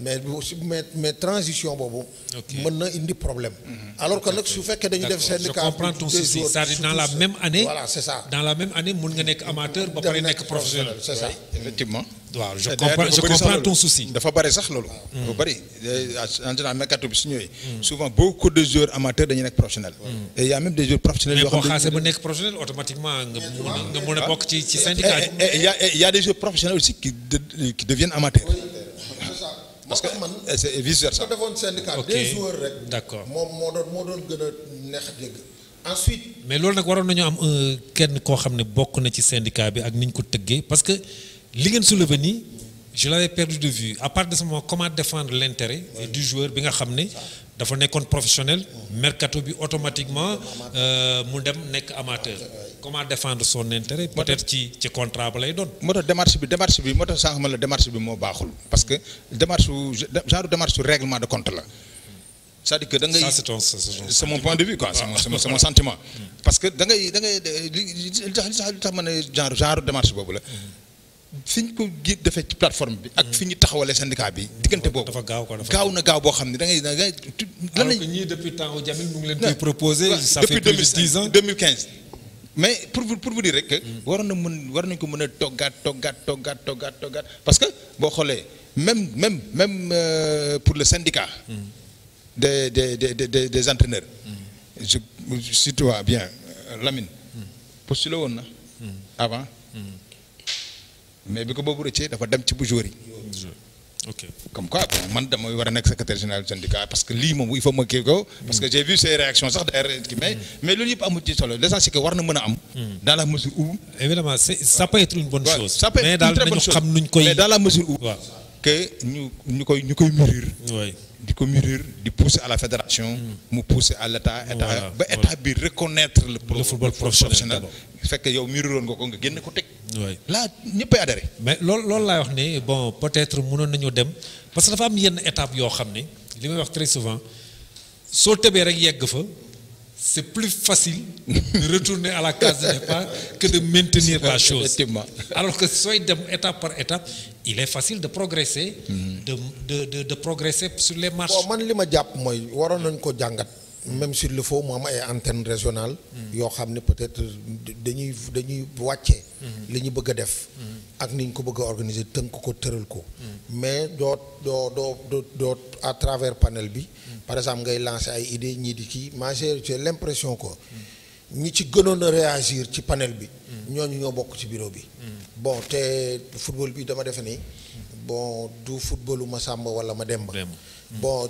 mais mais mais maintenant il y na indi problème. Mhm. alors que nag su que dañu def seen. je comprends ton souci dans la même année. voilà c'est ça dans la même année mun nga amateur ba pare nekk professionnel. c'est ça effectivement. je comprends je comprends ton souci. dafa bari sax loolu. Hmm. dafa bari eh, en général mes cartes su hmm. souvent beaucoup de joueurs amateurs dañuy nekk professionnel. Hmm. et il y a même des joueurs professionnels yoo xam ne mais professionnel automatiquement nga nga mun ah. ci syndicat. Eh, il eh, y a il y a des joueurs professionnels aussi qui qui deviennent amateurs. parce que man euh, c'est vice versa. ko defoon syndicat des joueurs rek. d'accord moom moo doon moo doon gën a neex dégg. ensuite mais loolu nag waroon nañu am euh, kenn koo xam ne bokk na ci syndicat bi ak ni ñu ko tëggee parce que li ngeen soulevé nii. je l'avais perdu de vue à part de ce moment comment défendre l'intérêt euh, du joueur bi nga xam ne dafa nekkoon professionnel mercato bi automatiquement euh, mu dem amateur comment défendre son intérêt peut-être ci ci contrat Pour lay doon moo démarche bi démarche bi moo je démarche parce que démarche genre démarche sur règlement de compte là. c'est-à-dire que c'est mon point de vue quoi c'est mon sentiment <laughs> mm. parce que da ngay da ngay genre genre démarche fi ñu ko defee ci plateforme bi. ak fi ñu syndicat bi. diganté bobu dafa gaaw ko dafa gaaw na gaaw bo xamni da ngay da ngay. lan lañ ñii depuis temps Jamil mu ngi leen koy proposer ça fait plus de dix ans depuis 2015. mais pour pour vous dire rek. war na mën war nañ ko mën togat togat togat togat toggaat parce que bo xolé même même même euh, pour le syndicat. des des des des des entraîneurs. je je situe bien euh, Lamine. postulé woon na. avant. Hmm. mais bi ko boobu rëccee dafa dem ci bu joueur yi. comme quoi man damay war a nekk parce que lii moom il faut ma kii parce que j'ai vu réactions sax d'ailleurs mais loolu yëpp amul ci solo l'essentiel que war na a am. dans mesure où. évidemment ça ça peut être une bonne chose mais daal nañu xam nuñ koy. mais mesure où. que nous nous koy koy mûrir. di mûrir di pousser à la fédération. nous mm. pousser à l'État. état état reconnaître le. football professionnel que yow mûriroon nga ko nga génne ko tek là adhérer. mais là, loolu lay wax ne bon peut être mënoon nañu dem parce que dafa am yenn étape yo xamné ne wax très souvent soo tebee rek yegg fa. c'est plus facile de <laughs> retourner à la case de départ que de maintenir la chose. Alors que soit étape par étape, il est facile de progresser. Mhm. de de de de progresser sur les marches. bon man même sur le faux mu am ay antenne régionale mhm. yoo xam peut-être dañuy dañuy wàccee. Mhm. li ñu bëgg a def. ak ni ko bëgg organiser tënk ko tëral ko. mais do, do, do, do, à travers panel bi. par exemple ngay lancer ay idées ñii di kii ma j'ai l'impression que ñi ci gënoon a réagir ci panel bi. ñooñu ñoo bokk ci bureau bi. bon te football bi dama def ni bon du football ma samba wala ma demba mm. bon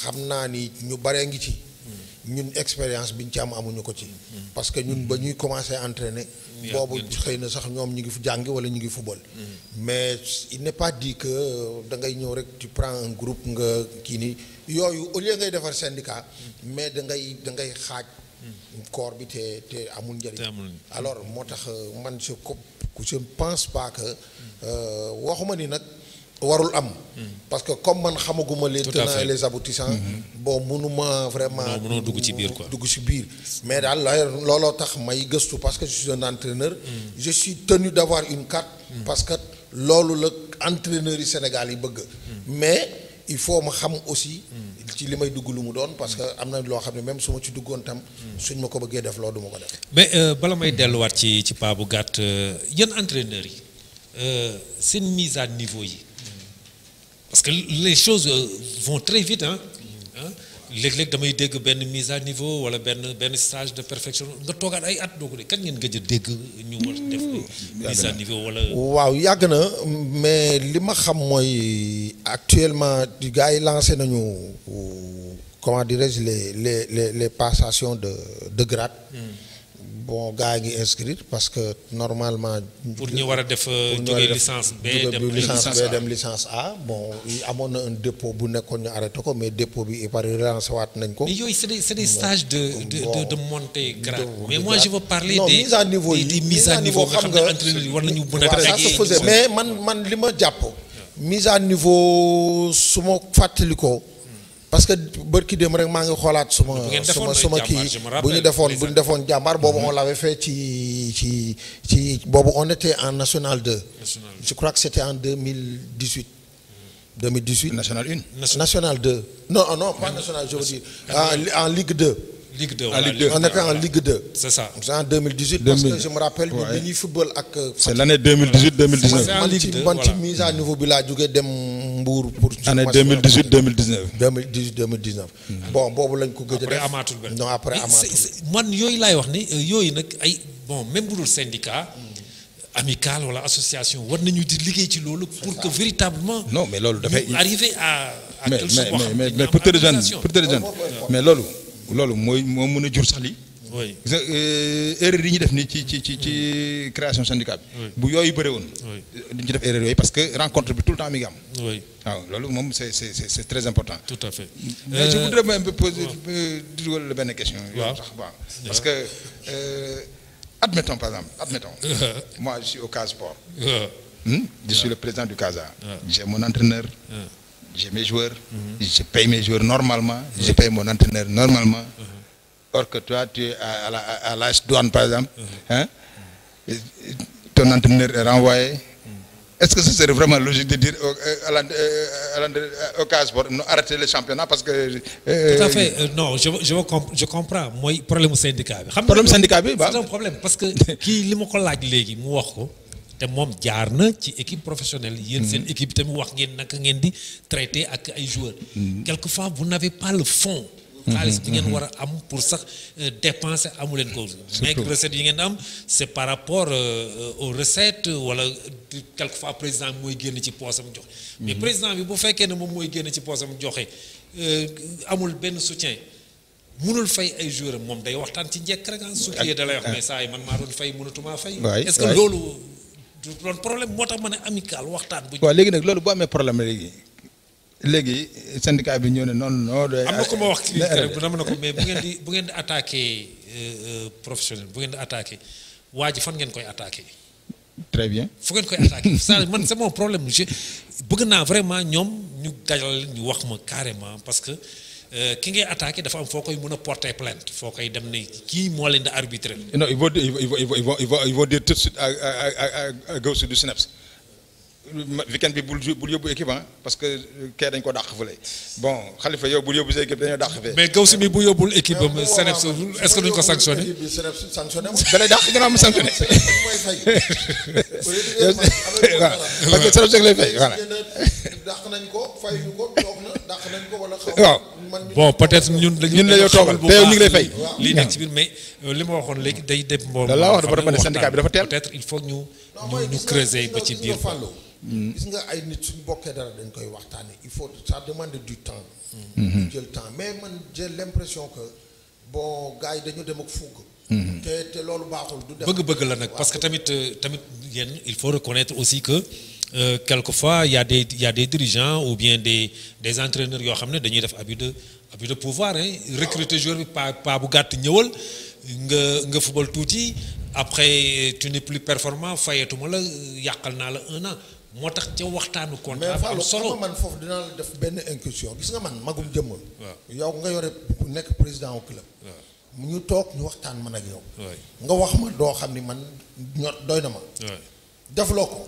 xamna ni ñu bare ngi ci mm. ñun expérience biñ ci am amuñu ko ci mm. parce que ñun ba ñuy commencer entraîner bobu xeyna sax ñom ñi ngi fu jàng wala ñi ngi football mais il n'est pas dit que da ngay ñëw rek tu prends un groupe kini yoyu au lieu ngay defar syndicat mais da ngay alors euh, je je ne pense pas que euh, mm-hmm. parce que comme man les les aboutissants mm-hmm. bon vraiment quoi mais parce que je suis un entraîneur mm-hmm. je suis tenu d'avoir une carte parce que lolo le entraîneur mais il faut aussi ci limay may dugg lu mu doon parce que am na loo xam ne même su ma ci duggoon tam. suñ ma ko bëggee def loolu du ma ko def. mais euh, bala may delluwaat ci ci paa bu gàtt euh, yéen entraîneurs yi euh, seen mise à niveau yi parce que les choses vont très vite hein léeg-léeg damay dégg benn mise à niveau wala benn benn stage de perfection nga toogaat ay at doo ko kañ ngeen gëj a dégg ñu war hmm. def mise à niveau wala waaw yàgg na mais li ma xam mooy actuellement gars yi lancé nañu comment dirais-je les les les les passations de de grade. Hmm bon gaa ngi inscrit parce que normalement. pour ñu war def jóge licence B dem licence dem licence A bon amoon na un dépôt bu nekkoon ñu arrêté ko mais dépôt bi il paraît relancé wat nañ ko. mais yooyu c'est des c'est des stages de de de de montée grade. mais moi je veux parler des mise à niveau yi mise à niveau xam nga entraîneur war nañu mën a. mais man man lima ma mise à niveau su fateliko parce que barki dem rek maa ngi xoolaat suma suma suma ki buñu ñu buñu jambar bobu on l'avait fait on était en national 2 je crois que c'était en 2018 2018 national 1 national 2 non ah non pas national je veux dire ah, en Ligue 2 Ligue 2 voilà, Ligue 2 on était en Ligue 2 c'est ça en 2018 parce que je me rappelle bi mini football ak c'est l'année 2018 2019 man ci mise à nouveau, bi dem pour. année 2018 2019. 2018 2019. bon bon, après non après euh, bon même pour le syndicat. amical wala association war nañu pour que véritablement. non mais lolo à. mais mais mais pour mais moi moi oui euh, erreur yi ñu def ni ci ci ci création syndicat bi. bu yooyu woon. def erreur parce que rencontre bi tout le temps mi ngi oui waaw très important. tout à fait. je euh, voudrais même poser une la question. parce que euh, admettons par exemple admettons. <laughs> moi je suis au Casa hmm? je suis le président du Casa. j'ai mon entraîneur. j'ai mes joueurs. Mm-hmm. je paye mes joueurs normalement. je paye mon entraîneur normalement. Or que toi, tu es à, à, à l'âge douane, par exemple, hein? ton entraîneur est renvoyé. Est-ce que ce serait vraiment logique de dire au, euh, euh, euh, cas pour arrêter le championnat parce que... Tout à fait. non, je, je, comprends. Moi, problème syndicat. Problème syndicat, C'est un problème parce que qui est mon problème, laaj léegi mu wax ko te qui équipe professionnelle. c'est une mm-hmm. équipe qui wax ngeen di traité avec ay joueurs. Mm-hmm. quelquefois vous n'avez pas le fond. Mm-hmm. xaalis bi ngeen mm-hmm. war a am pour sax euh, dépenser amu leen ko mais recette yi ngeen am c'est par rapport euh, aux recettes wala fois président bi mooy génn ci poosam jox mm-hmm. mais président bi bu fekkee ne moom mooy génn ci poosam joxe euh, amul benn soutien mënul fay ay joueur am moom day waxtaan ci njëkk rek en ah, soutien da lay wax mais saa yi man maa doon fay mënatumaa fay est-ce que loolu loolu problème moo tax ma ne amical waxtaan bu waaw léegi nag loolu bu amee problème léegi légui syndicat bi ñëw non non. am na ku ma wax bu na mais bu di professionnel très bien <laughs> c'est mon problème bëgg vraiment ñu ñu wax carrément parce que euh, ki ngay dafa am foo koy porter plainte koy dem non il dire tout de suite à à weekend bi bul bul yóbbu équipe ah parce que kee dañ ko dàq fële bon xalifa yow bul yóbbu sa équipe dañoo dàq fee. mais Gawsi bi bu yóbbul équipe am Senefs est-ce que duñ ko sanctionné. équipe bi Senefs sanctionné wu. da lay dàq gannaaw mu sanctionné. mooy fay. waaw parce que Senefs lay fay voilà. dàq nañ ko fay ñu ko toog na dàq nañ ko wala. waaw bon peut-être ñun. ñun la yoo toogal te yow ñu ngi lay fay. lii nekk ci biir mais li ma waxoon léegi day dem. mbooloo da la wax dafa ne syndicat bi dafa teel peut-être il faut ñu ñu creuser ba ci biir Mm. gis nga ay nit dara dañ koy il faut ça demande du temps. du mm-hmm. temps mais j'ai l'impression que bon gars yi dañu dem ak fugg. que mm-hmm. te loolu baaxul du. bëgg-bëgg la nag parce que tamit euh, tamit il faut reconnaître aussi que. Euh, quelquefois il y a des il y a des dirigeants ou bien des des entraîneurs yoo xam ne dañuy def abus de abus de pouvoir hein recruter joueur bi pas pa bu gàtt nga nga football tuuti après tu n'es plus performant fayetuma la a naa la un an moo tax ca waxtaanu contrat. mais Fallou solo man foofu dinaa la def benn incursion gis nga man magum jëmm. yow nga yore nekk président wu club. mu ñu toog ñu waxtaan man ak yow. nga wax ma doo xam ni man ñor doy na ma. defloo ko.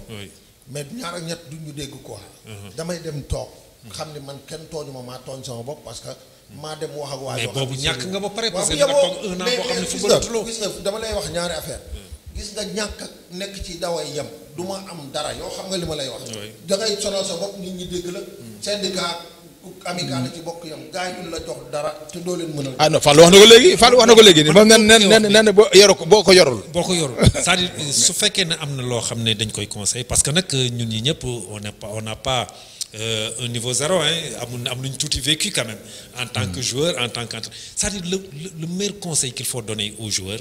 mais ñaar ak ñett duñu dégg quoi. Uh-huh. damay dem toog. Mm-hmm. xam ni man kenn tooñu ma maa tooñ sama bopp parce que. Mm-hmm. maa dem wax ak waa. mais boobu ñàkk nga ba pare parce que nga gis nga dama lay wax ñaari affaire gis nga ñàkk nekk ci daway yem du ma am dara yoo xam nga li ma lay wax. da ngay sonal sa bopp nit ñi dégg la. syndicat amical ci bokk yam gaay yi la jox dara te doo leen mën a. ah non Fallou wax na ko léegi Fallou wax na ko léegi. man man man man boo yoroo ko boo ko yorul. boo ko yorul c'est-à-dire su fekkee ne am na loo xam ne dañ koy conseil parce que nag ñun ñi ñëpp on n'est pas on n'a pas. Euh, un niveau zéro, hein, am une tout vécu quand même, en tant que mm. joueur, en tant qu'entraîneur. C'est-à-dire, le, le, le, meilleur conseil qu'il faut donner aux joueurs,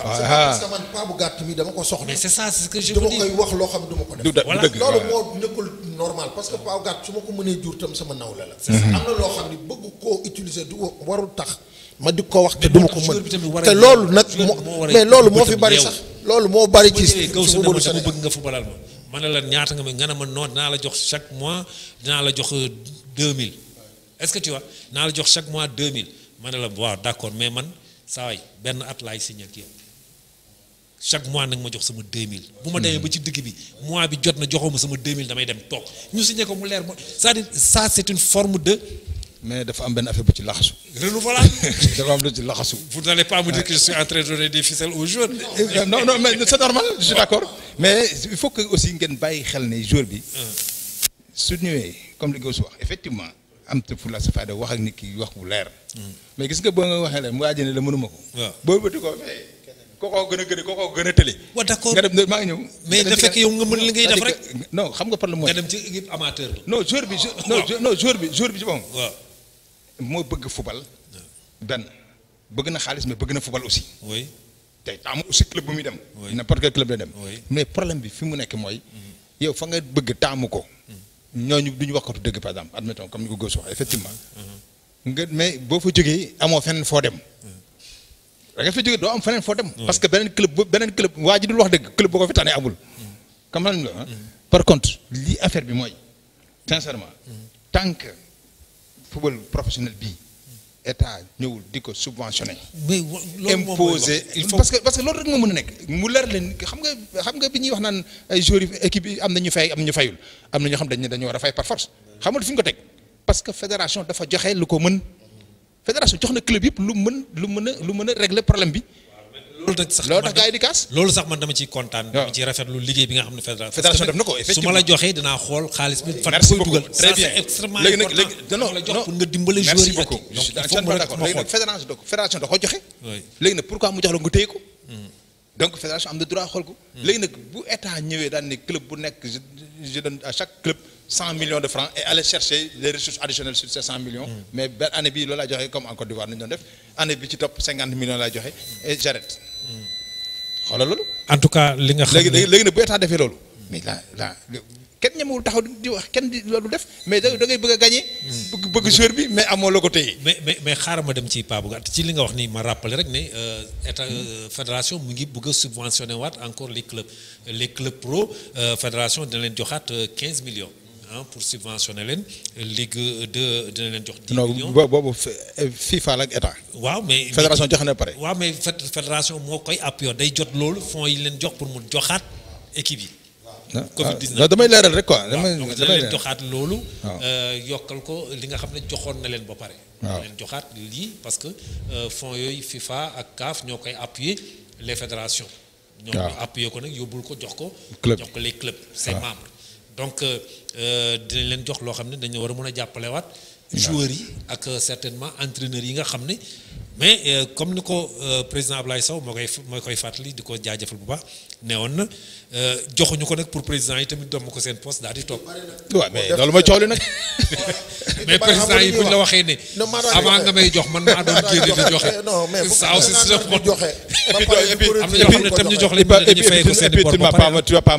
waaw sama paa bu gàtt mi dama ko soxla. mais c'est ça c'est ce que je veux dire dama koy wax loo xam ne ko def. voilà loolu moo nekkul normal que paa ma ko mënee jur tam sama nawla la. c'est ça am na loo xam warul tax. ma di ko wax te duma ko mën te loolu nag moo mais loolu moo fi bari sax. loolu moo bari ci ci footballu Sénégal bëgg nga footballal ma. ma ne ñaata nga ma nga ne ma non dinaa la jox chaque mois dinaa la jox 2000 euh, est-ce que tu vois dinaa la jox chaque mois 2000 ma ne la waaw d'accord mais man saa waay benn at laay signé ak yow chaque mois nag ma jox sama 2000. bu ma demee hmm. ba ci digg bi mois bi jot na joxoo ma sama 2000 damay dem toog ñu signé ko mu am benn affaire ci laxasu. renouvelable. <laughs> dafa am lu ci laxasu. vous n'allez pas euh, ngeen bàyyi xel ne joueur bi. Ah. su ñëwee comme li si wax effectivement am te pour la wax ak nit ki wax bu leer. Hmm. mais gis nga boo nga waxee la mu waaj ne la mënuma ko. waaw boobu ko mais. koko gëna gëna koko gëna télé wa d'accord nga dem ma ñew mais le fait que yow nga mën li ngay def rek non xam nga par le moins nga dem ci équipe amateur non joueur bi non non joueur bi joueur bi bon mo bëgg football ben bëgg na xaliss mais bëgg na football aussi oui tay tam aussi club bu mi dem n'importe quel club la dem mais problème bi fi mu nekk moy yow fa nga bëgg tam ko ñoñu duñu wax ko deug par exemple admettons comme ni ko gëss wax effectivement nga mais bo fa joggé amo fenn fo dem da nga fi jógee doo am feneen foo dem. parce que beneen club bu beneen club waa ji dul wax dëgg club boo ko fi tànnee amul. xam nga hein? par contre li affaire bi mooy sincèrement. tant que football professionnel bii. état ñëwul di ko subventionné. mais parce que parce que loolu rek moo mën a nekk mu leer leen xam nga xam nga bi ñuy wax naan ay joueurs équipe yi am na ñu fay am ñu fayul am na ñoo xam dañ ne dañu war a fay par force. xamul fi ñu ko teg parce que fédération dafa joxe lu ko mën. fédération jox na club yëpp lu mën lu mën a lu mën a problème bi. loolu sax man dama ciy kontaan. waaw dama ciy rafetlu liggéey bi nga xam ne fédération. fédération def na ko effectivement su ma la joxee dinaa xool xaalis bi. fan koy dugal très bien léegi nag pour nga dimbale jox la nga téye ko. Hmm. donc fédération am na droit xool ko. Hmm. léegi nag bu état ñëwee daan ne club bu nekk je donne à chaque club 100 millions de francs et aller chercher les ressources additionnelles sur ces 100 millions. Mm. mais benn année bii loolu comme en Côte d'Ivoire nous avons def année bi ci 50 millions la joxe et j'arrête. Mm. xoolal loolu. en tout cas li nga. xam ne léegi léegi nag bu état mais la là. kenn ñemewul taxaw di wax kenn di def mais da ngay bëgg a gagné. Mm. bëgg bëgg bi mais il loo a mais mais mais xaaral ma dem ci Paa bu gàtt ci li nga wax ma rappelé rek euh, euh, fédération mu ngi a encore les clubs les clubs pro euh, fédération de fait 15 millions ah pour subventionner les ligues de de leen jox. dix millions non FIFA avec ak état. waaw mais fédération jox na pare. waaw mais fédération moo koy appuyé day jot loolu fonds yi len jox pour mu joxaat équipe yi. Ah, ah, Covid 19 damay leeral rek quoi. damay damay leen joxaat euh yokal ko li nga xamné joxone na len ba pare. len leen li parce que euh fonds yoy FIFA ak CAF ñoo appuyer les fédérations. ñoo appuyer ko nak yobul ko jox ko. club jox ko les clubs ses ah. membres donc euh, euh, dinañ leen jox loo dañu a joueurs euh, certainement entraîneurs yi nga mais comme président pour président <laughs> président la ne. avant nga may jox man tu vas pas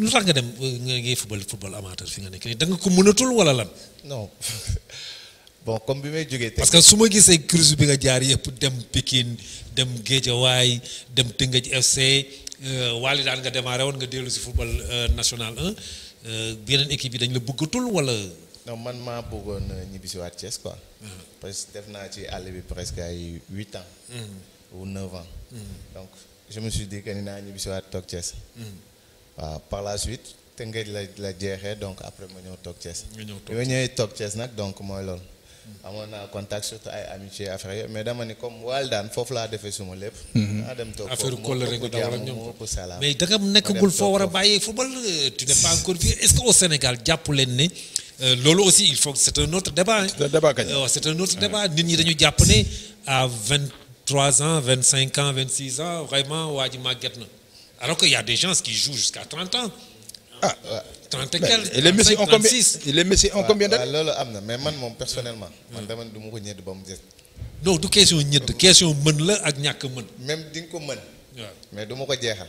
lu tax nga dem nga ngay football football amateur fi nga nekk nii ko mënatul wala lan. non <laughs> bon comme bi may jógee. parce que su ma gisee cruise bi nga jaar yëpp dem Pikine dem Géejawaay dem Tëngëj FC euh, waali daan nga démarré woon nga dellu si football euh, national 1 euh, équipe yi dañ la bëggatul walla non man maa bëggoon ñibbisiwaat Thiès quoi. Ah. parce def naa ci àll bi presque ay huit ans. Mm-hmm. ou neuf ans. Mm-hmm. donc je me suis dit ni naa ñibbisiwaat toog Thiès. Mm-hmm. waaw par la suite te Tëngéej la la jeexee donc après ma ñëw toog Thiès. ñu ñëw toog Thiès ñëwee toog Thiès nag donc mooy loolu. amoon naa contact surtout ay amitié affaire yooyu mais dama ni comme waal daan foofu laa defee suma lépp. Mhm. naa dem toog affaire kóllare nga dawal ak ñoom mais da nga nekkagul foo war a bàyyee football euh, tu n'es pas encore vieux est-ce que au Sénégal jàpp leen ne. Euh, loolu aussi il faut que c'est un autre débat. Hein. c'est un débat kañ euh, c'est un autre débat nit ñi dañu jàpp ne à vingt trois ans vingt cinq ans vingt six ans vraiment waa ji màgget na. Alors qu'il y a des gens qui jouent jusqu'à 30 ans. Ah, ouais. 30 et quelques. les messieurs ont combien, les messieurs ont d'années Mais moi, personnellement, hmm. je ne du question ñëtt, question de la ak ñak mën. Même ding ko mën. Mais duma ko jéxal.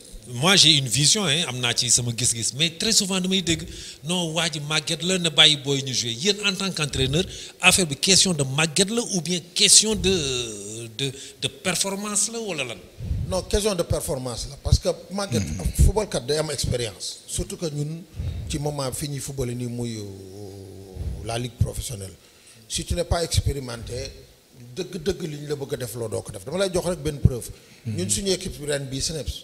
moi j'ai une vision hein amna ci sama gis mais très souvent nous dégg non waa ji màgget la ne bàyyi jouer. ñu en tant qu'entraîneur affaire bi question de màgget la ou bien question de de de performance la wala lan. non question de performance la parce que football mm-hmm. football, day am expérience surtout que ñun ci moment fi ñuy footballé nii muy euh, la ligue professionnelle si tu n'es pas expérimenté. deug deug liñ la bëgg def lo doo ko def dama lay jox rek ben preuve. Mm-hmm. ñun suñu équipe ren bi snaps.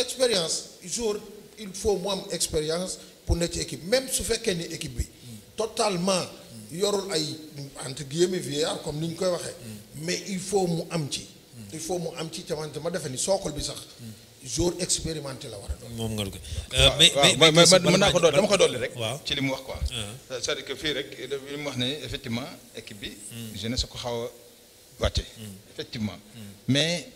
expérience jour il faut mu expérience pour nekk ci équipe même su fekkee ni équipe bi totalement yorul ay entre guillemets vieillard comme ni ñu koy waxee mais il faut mu am ci il faut mu am ci tamante ma defe ni sookol bi sax jour expérimenté la war a euh, mais mais mën naa ko doon dama ko dolli rek. ci li wax quoi. Ah. c'est-à-dire que fii rek li wax ne effectivement équipe bi. Hmm. jeunesse ko xaw a hmm. effectivement hmm. mais.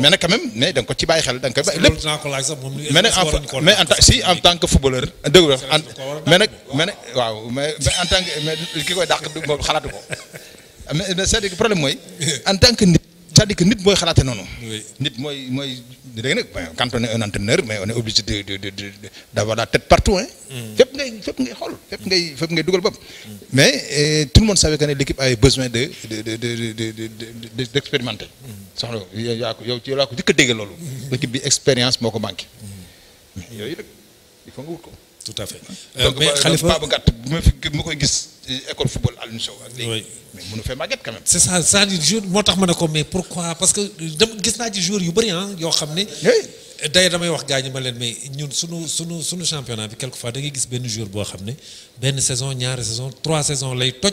mais nag quand même mais da nga ko ci bàyyi xel da nga koy bàyyi mais en tant si en tant que footballeur dëgg la mais nag mais nag mais en tant que mais ki koy dàq moom xalaatu ko mais cest le problème moi en tant que nit cest que nit mooy xalaate noonu nit mooy mooy dégg nag quand on est un entraîneur mais on est obligé de de de d'avoir la tête partout hein fépp ngay fépp ngay xool fépp ngay fépp ngay dugal bopp mais tout le monde savait que l'équipe avait besoin de de de de d'expérimenter soxna yaa ko yow ci yow laa ko njëkk a dégg loolu. équipe mm-hmm. bi expérience moo ko manqué. Mm-hmm. yooyu rek il faut nga wut ko. tout à fait euh, mais xalifa Pape Gàtt bu ma fi ma koy gis école football Alioune Sow ak léegi. mais mënu fee màgget quand même. c' est ça c' est à dire jour moo tax ma ne ko mais pourquoi parce que dem gis naa ci joueur yu bëri ah hein, yoo xam ne. day damay wax gars ñi ma leen mais ñun sunu sunu sunu championnat bi quelque fois da ngay gis benn joueur boo xam ne benn saison ñaari saison trois saison lay toj.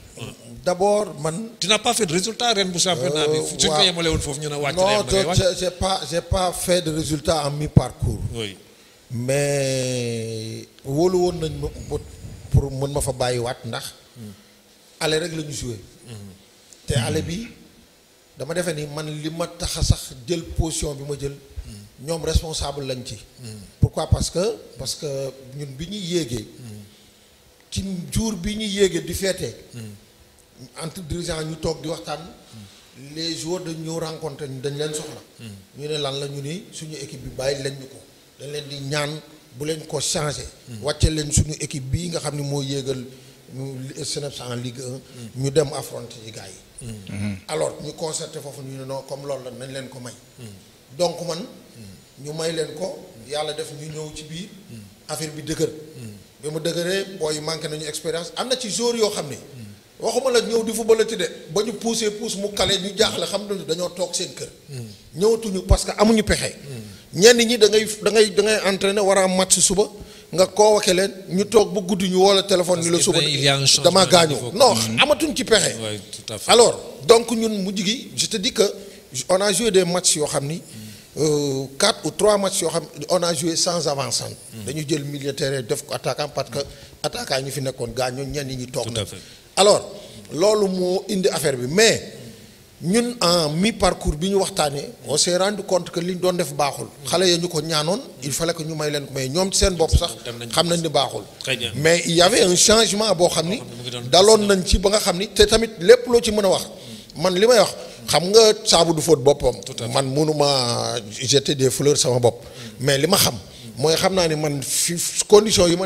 Euh, d' abord man. dina n'as pas fait de résultat ren bu championnat bi. waaw suñ woon foofu ñu ne wàcc na non j'ai pas j'ai pas fait de résultat en mi parcours. oui mais woolu woon nañ ma pour mën ma fa bàyyi bàyyiwaat ndax. ale rek lañu ñu te mm-hmm. ale bi dama defee ni man li ma tax a sax jël position bi ma jël. Mm-hmm. ñoom responsable lañ ci. Mm-hmm. pourquoi parce que parce que ñun bi ñuy yéegee. ci jour bi ñuy yéegee di feete. entre dirigeants ñu toog di waxtaan. les joueurs dañ ñëw rencontré ñu dañ leen soxla. ñu ne lan la ñu ni suñu équipe bi bàyyi leen ñu ko dañ leen di ñaan bu leen ko changé. wàcce leen suñu équipe bii nga xam ne moo yéegal CNEPS en Ligue 1. ñu dem affronter ci gars yi. alors ñu concerté foofu ñu ne non comme loolu la nañ leen ko may. donc man. ñu may leen ko. yàlla def ñu ñëw ci biir. affaire bi dëgër. bi mu dëgëree booy manqué nañu expérience am na ci joueurs yoo xam ne. waxuma la ñëw di football ci de ba ñu poussé pousse mu calé ñu jaaxle xam nañu dañoo toog seen kër. ñëwatuñu parce que amuñu pexe. ñenn ñi da ngay da ngay da ngay entraîner war a match suba nga convoqué leen ñu toog ba gudd ñu wala téléphone. ni la suba ben, dama gaañoo non mm-hmm. amatuñ ci pexe. alors donc ñun mujj gi je te dis que on a joué des matchs yoo xam ni. Euh, quatre ou trois matchs yoo xam on a joué sans avançant mm-hmm. dañu jël milieu terrain def ko attaquant parce que attaquant ñu fi nekkoon gaañoo ñenn ñi toog na alors loolu mo indi affaire bi mais ñun en mi parcours bi ñu on s'est rendu compte que li ñu doon def baxul xalé ya ñu ko il fallait que ñu may len mais ñom ci sen bop sax xam nañ ni baxul mais il y avait un changement bo xamni dalon nañ ci ba nga xamni té tamit lepp lo ci mëna wax. man limay wax xam nga saabu du fóot boppam. man mënuma jeter des fleurs sama bop mais li ma xam. moy xam na ni man fi condition yi ma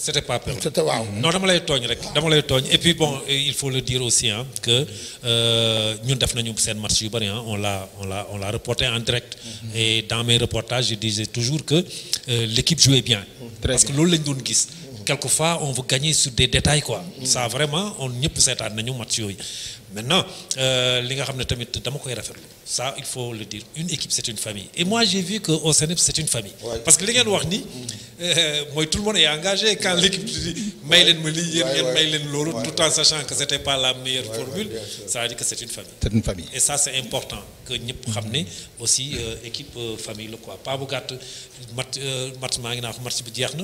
c'était pas peur. c'était non dama lay tooñ rek dama et puis bon il faut le dire aussi hein que euh, ñun def nañu ce match yu hein. on l'a on l'a on l'a reporté en direct. et dans mes reportages je disais toujours que euh, l'équipe jouait bien. parce que loolu lañ doon mm-hmm. quelquefois on veut gagner sur des détails quoi. ça vraiment on pas seetaan nañu match Maintenant, euh, ça, il faut le dire. Une équipe, c'est une famille. Et moi, j'ai vu qu'au CNEP, c'est une famille. Parce que les gars, moi, tout le monde est engagé. Quand l'équipe dit, Mailen Mailen Loro, tout en sachant que ce n'était pas la meilleure formule, ça veut dire que c'est une famille. C'est une famille. Et ça, c'est important que nous ramener aussi euh, équipe euh, famille. Quoi. Pas vous gâter, euh, match Magna,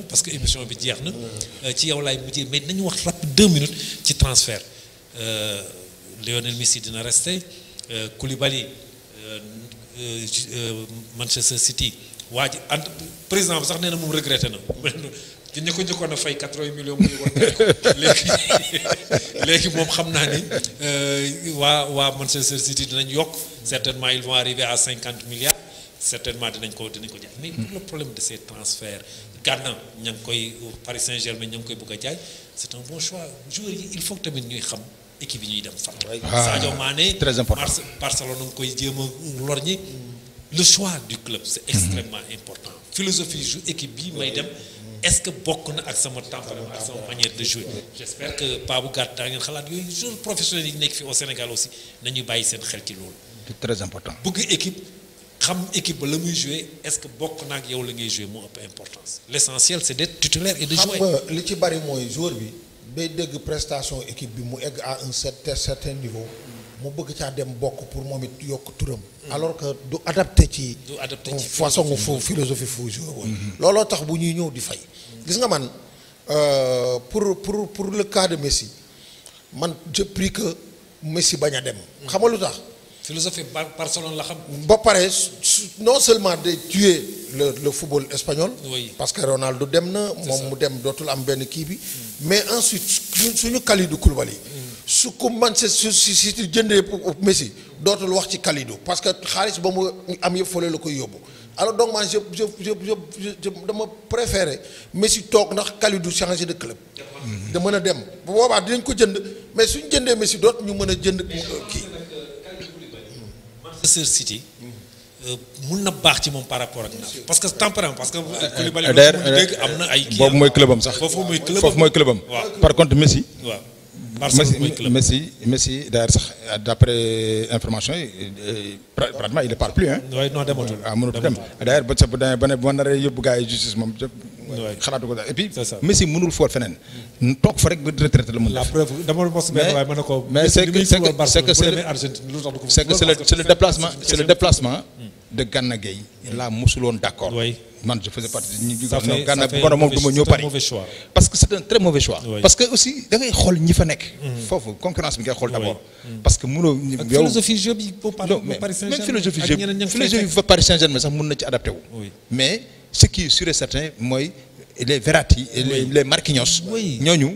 parce que l'émission est tu as dit, mais nous, on deux minutes, de transfert. Lionel Messi dina rester euh, Koulibaly euh, euh, Manchester City waa ji président sax néna mom regretté na ci <laughs> ko a fay 80 millions muy Les léegi <laughs> léegi moom xam naa ni Wa, Manchester City dinañ yok certainement ils vont arriver à 50 milliards certainement dinañ ko dinañ ko jaay mais hmm. le problème de ces transferts Gana ñang koy Paris Saint-Germain ñang koy bëgg jaay c'est un bon choix joueur il faut que tamit ñuy xam équipe yi ñuy dem fan. Sadio Mané très important Barcelone a ngi koy jéem a lorñi. le choix du club c'est mm-hmm. extrêmement important philosophie jeu équipe bi may dem est ce que bokk na ak sama tempérament ak sama manière de jouer j'espère que pas bu gàtt daa ngeen xalaat yooyu joueurs professionnels yi nekk fii au Sénégal aussi nañu bayyi seen xel ci loolu. c'est très important bëgg équipe xam équipe la muy jouer est ce que bokk na ak yow la ngay jouer mo ëpp importance l'essentiel c'est d'être titulaire et de jouer. xam nga li ci bari mooy joueur bi day dégg prestation équipe bi mu egg à un certain niveau mu bëgg caa dem bokk pour moom yok yokk turam. Mm. alors que du adapté ci. du adapté ci façon fu philosophie fu joué mm-hmm. lolo tax bu ñuy ñëw di fay. gis nga man euh, pour pour pour le cas de Messi man je prie que Messi baña dem. Mm. xam nga lu tax. philosophie Barcelone la xam. ba pare non seulement de tuer le le football espagnol. parce que Ronaldo dem na. mom mu dem dotul am ben ki bi. Mm mais ensuite suñu Kalidou Koulibaly su ko man si si si jëndee Messi dootul wax ci Kalidou parce que xaalis ba mu am yëpp fële la koy yóbbu alors donc man je je je dama préférer Messi tok ndax Kalidou changer de club. Mm-hmm. da mën dem bu boobaa dinañ ko jënd mais suñu jëndee Messi dootu ñu mën jënd euh, ki Manchester City. Euh, mun na baax ci moom par rapport ak naaf parce que tempérament parce que. Euh, Koulibaly am na ay. boobu mooy club sax foofu mooy club am foofu mooy club am. par contre Messi. waaw Messi Messi d'ailleurs sax d'après information yi euh, pratiquement il ne parle plus hein. waaye non dematul ah mënut dem d'ailleurs ba ca bu demee ba ne ba naree yóbbu gars yi justice moom. xalaatu ko daal et puis. Messi mënul foot feneen. toog fa rek ba retraité la mën la preuve dama mos benn waaye mën na ko. mais c'est que c'est que c'est le déplacement c'est le déplacement de Ganagay. Et là nous sommes d'accord. oui man je faisais partie du. Ghana, fait un mauvais choix parce que c'est un très mauvais choix. parce que aussi da y a ñi fa mm-hmm. concurrence bi d'abord. Mm-hmm. parce que mënoo yow philosophie jeu bi Paris Saint-Germain même philosophie il philosophie bi Paris Saint-Germain ça mën na ci adapté mais ce qui est sûr et certain mooy les Verratti et les Marquinhos. ñooñu.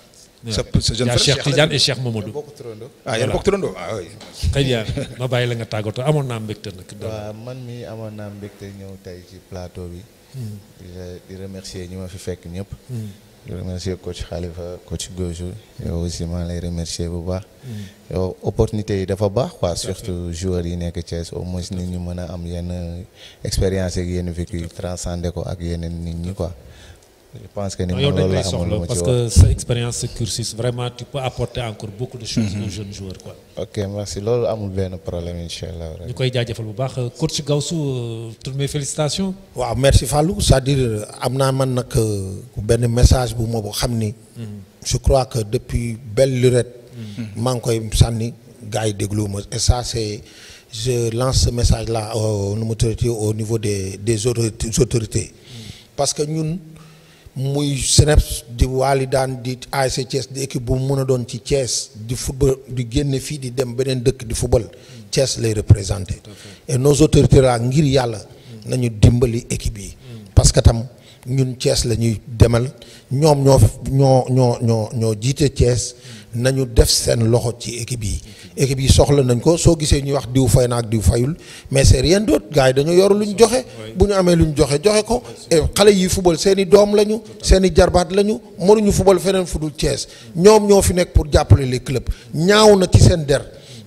sa ya. sa jeune ya, frère cheikh tidiane et eh, cheikh momadou bokku turando ah yeen bokku turando ah oui très <laughs> bien ma baye la nga tagoto amon na mbekte nak do man mi amon na mbekte ñew tay ci plateau bi hmm. di di remercier ñima fi fekk ñep hmm. di remercier coach khalifa coach gojo et hmm. aussi ma lay remercier bu baax yow opportunité yi dafa baax quoi surtout joueur yi nek ci au moins ni ñu mëna am yenn expérience ak yenn vécu transcender ko ak yenen nit ñi quoi je pense que ni yow dañ parce que cette expérience de cursus vraiment tu peux apporter encore beaucoup de choses mhm. aux jeunes joueurs quoi. ok merci loolu amul benn problème Inch'Allah. allah. ñu koy jaajëfal bu baax coach Gaussou, euh, toutes mes félicitations. merci Fallou c'est-à-dire euh, am y man nag euh, message pour moi. Mhm. je crois que depuis belle lurette. je mhm. suis koy sànni gars yi et ça c'est je lance ce message là aux autorités, au niveau des des autorités parce que nous, muy CNEPS di waali daan di ASC Thiès di équipe bu mu mën a doon ci cees di football di génne fii di dem beneen dëkk di football cees lay représenté et nos autorités là ngir yàlla nañu dimbali équipe yi parce que tam ñun cees lañuy demal ñoom ñoo ñoo ñoo ñoo jiite Thiès nañu def seen loxo ci équipe yi équipe yi soxla nañ ko soo gisee ñuy wax diw fay na ak diw fayul mais c'est rien d'autre gars yi dañoo yor luñ joxe bu ñu amee luñ joxe joxe ko xale yi fubal seen i doom lañu seen i jarbaat lañu mënuñu fubal feneen fu dul Thiès ñoom ñoo fi nekk pour jàppale les clubs ñaaw na ci seen der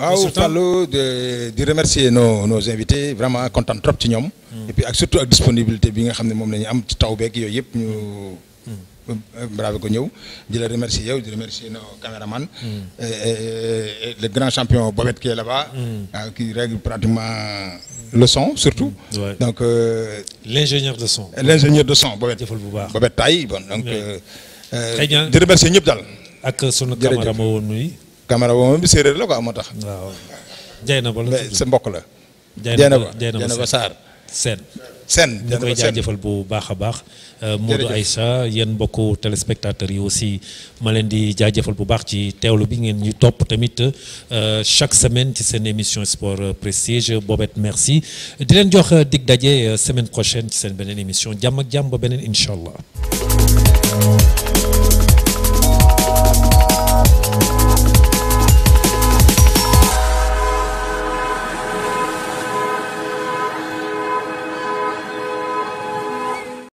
waaw Fallou de de remercier nos nos invités vraiment content trop ci mm. et puis surtout la disponibilité bi nga xam ne moom la temps, am ci taw je yooyu remercie, ñu. Mm. bravo ko di remercier yow nos caméramans. Mm. le grand champion Bobette qui est là-bas. Ah, qui règle pratiquement le son surtout. donc euh, l'ingénieur de son. l'ingénieur de son Bobet. faut le Bobet Taï bon donc. Euh, euh, très bien di remercier ñep dal ak son caméraman Camara boobu moom bi séeréer la ko moo tax. waaw jay na ba la sa mbokk la. jay na ba jay na ba Saar seen seen ñu koy bu baax a baax euh, Modou aïssa yéen mbokku téléspectateurs yi aussi ma leen di jaajëfal bu baax ci tewlu bi ngeen ñu top tamit euh, chaque semaine ci seen émission sport prestige boobet merci di len jox euh, dig dajé semaine prochaine ci seen benen émission jàmm ak jàmm ba beneen incha allah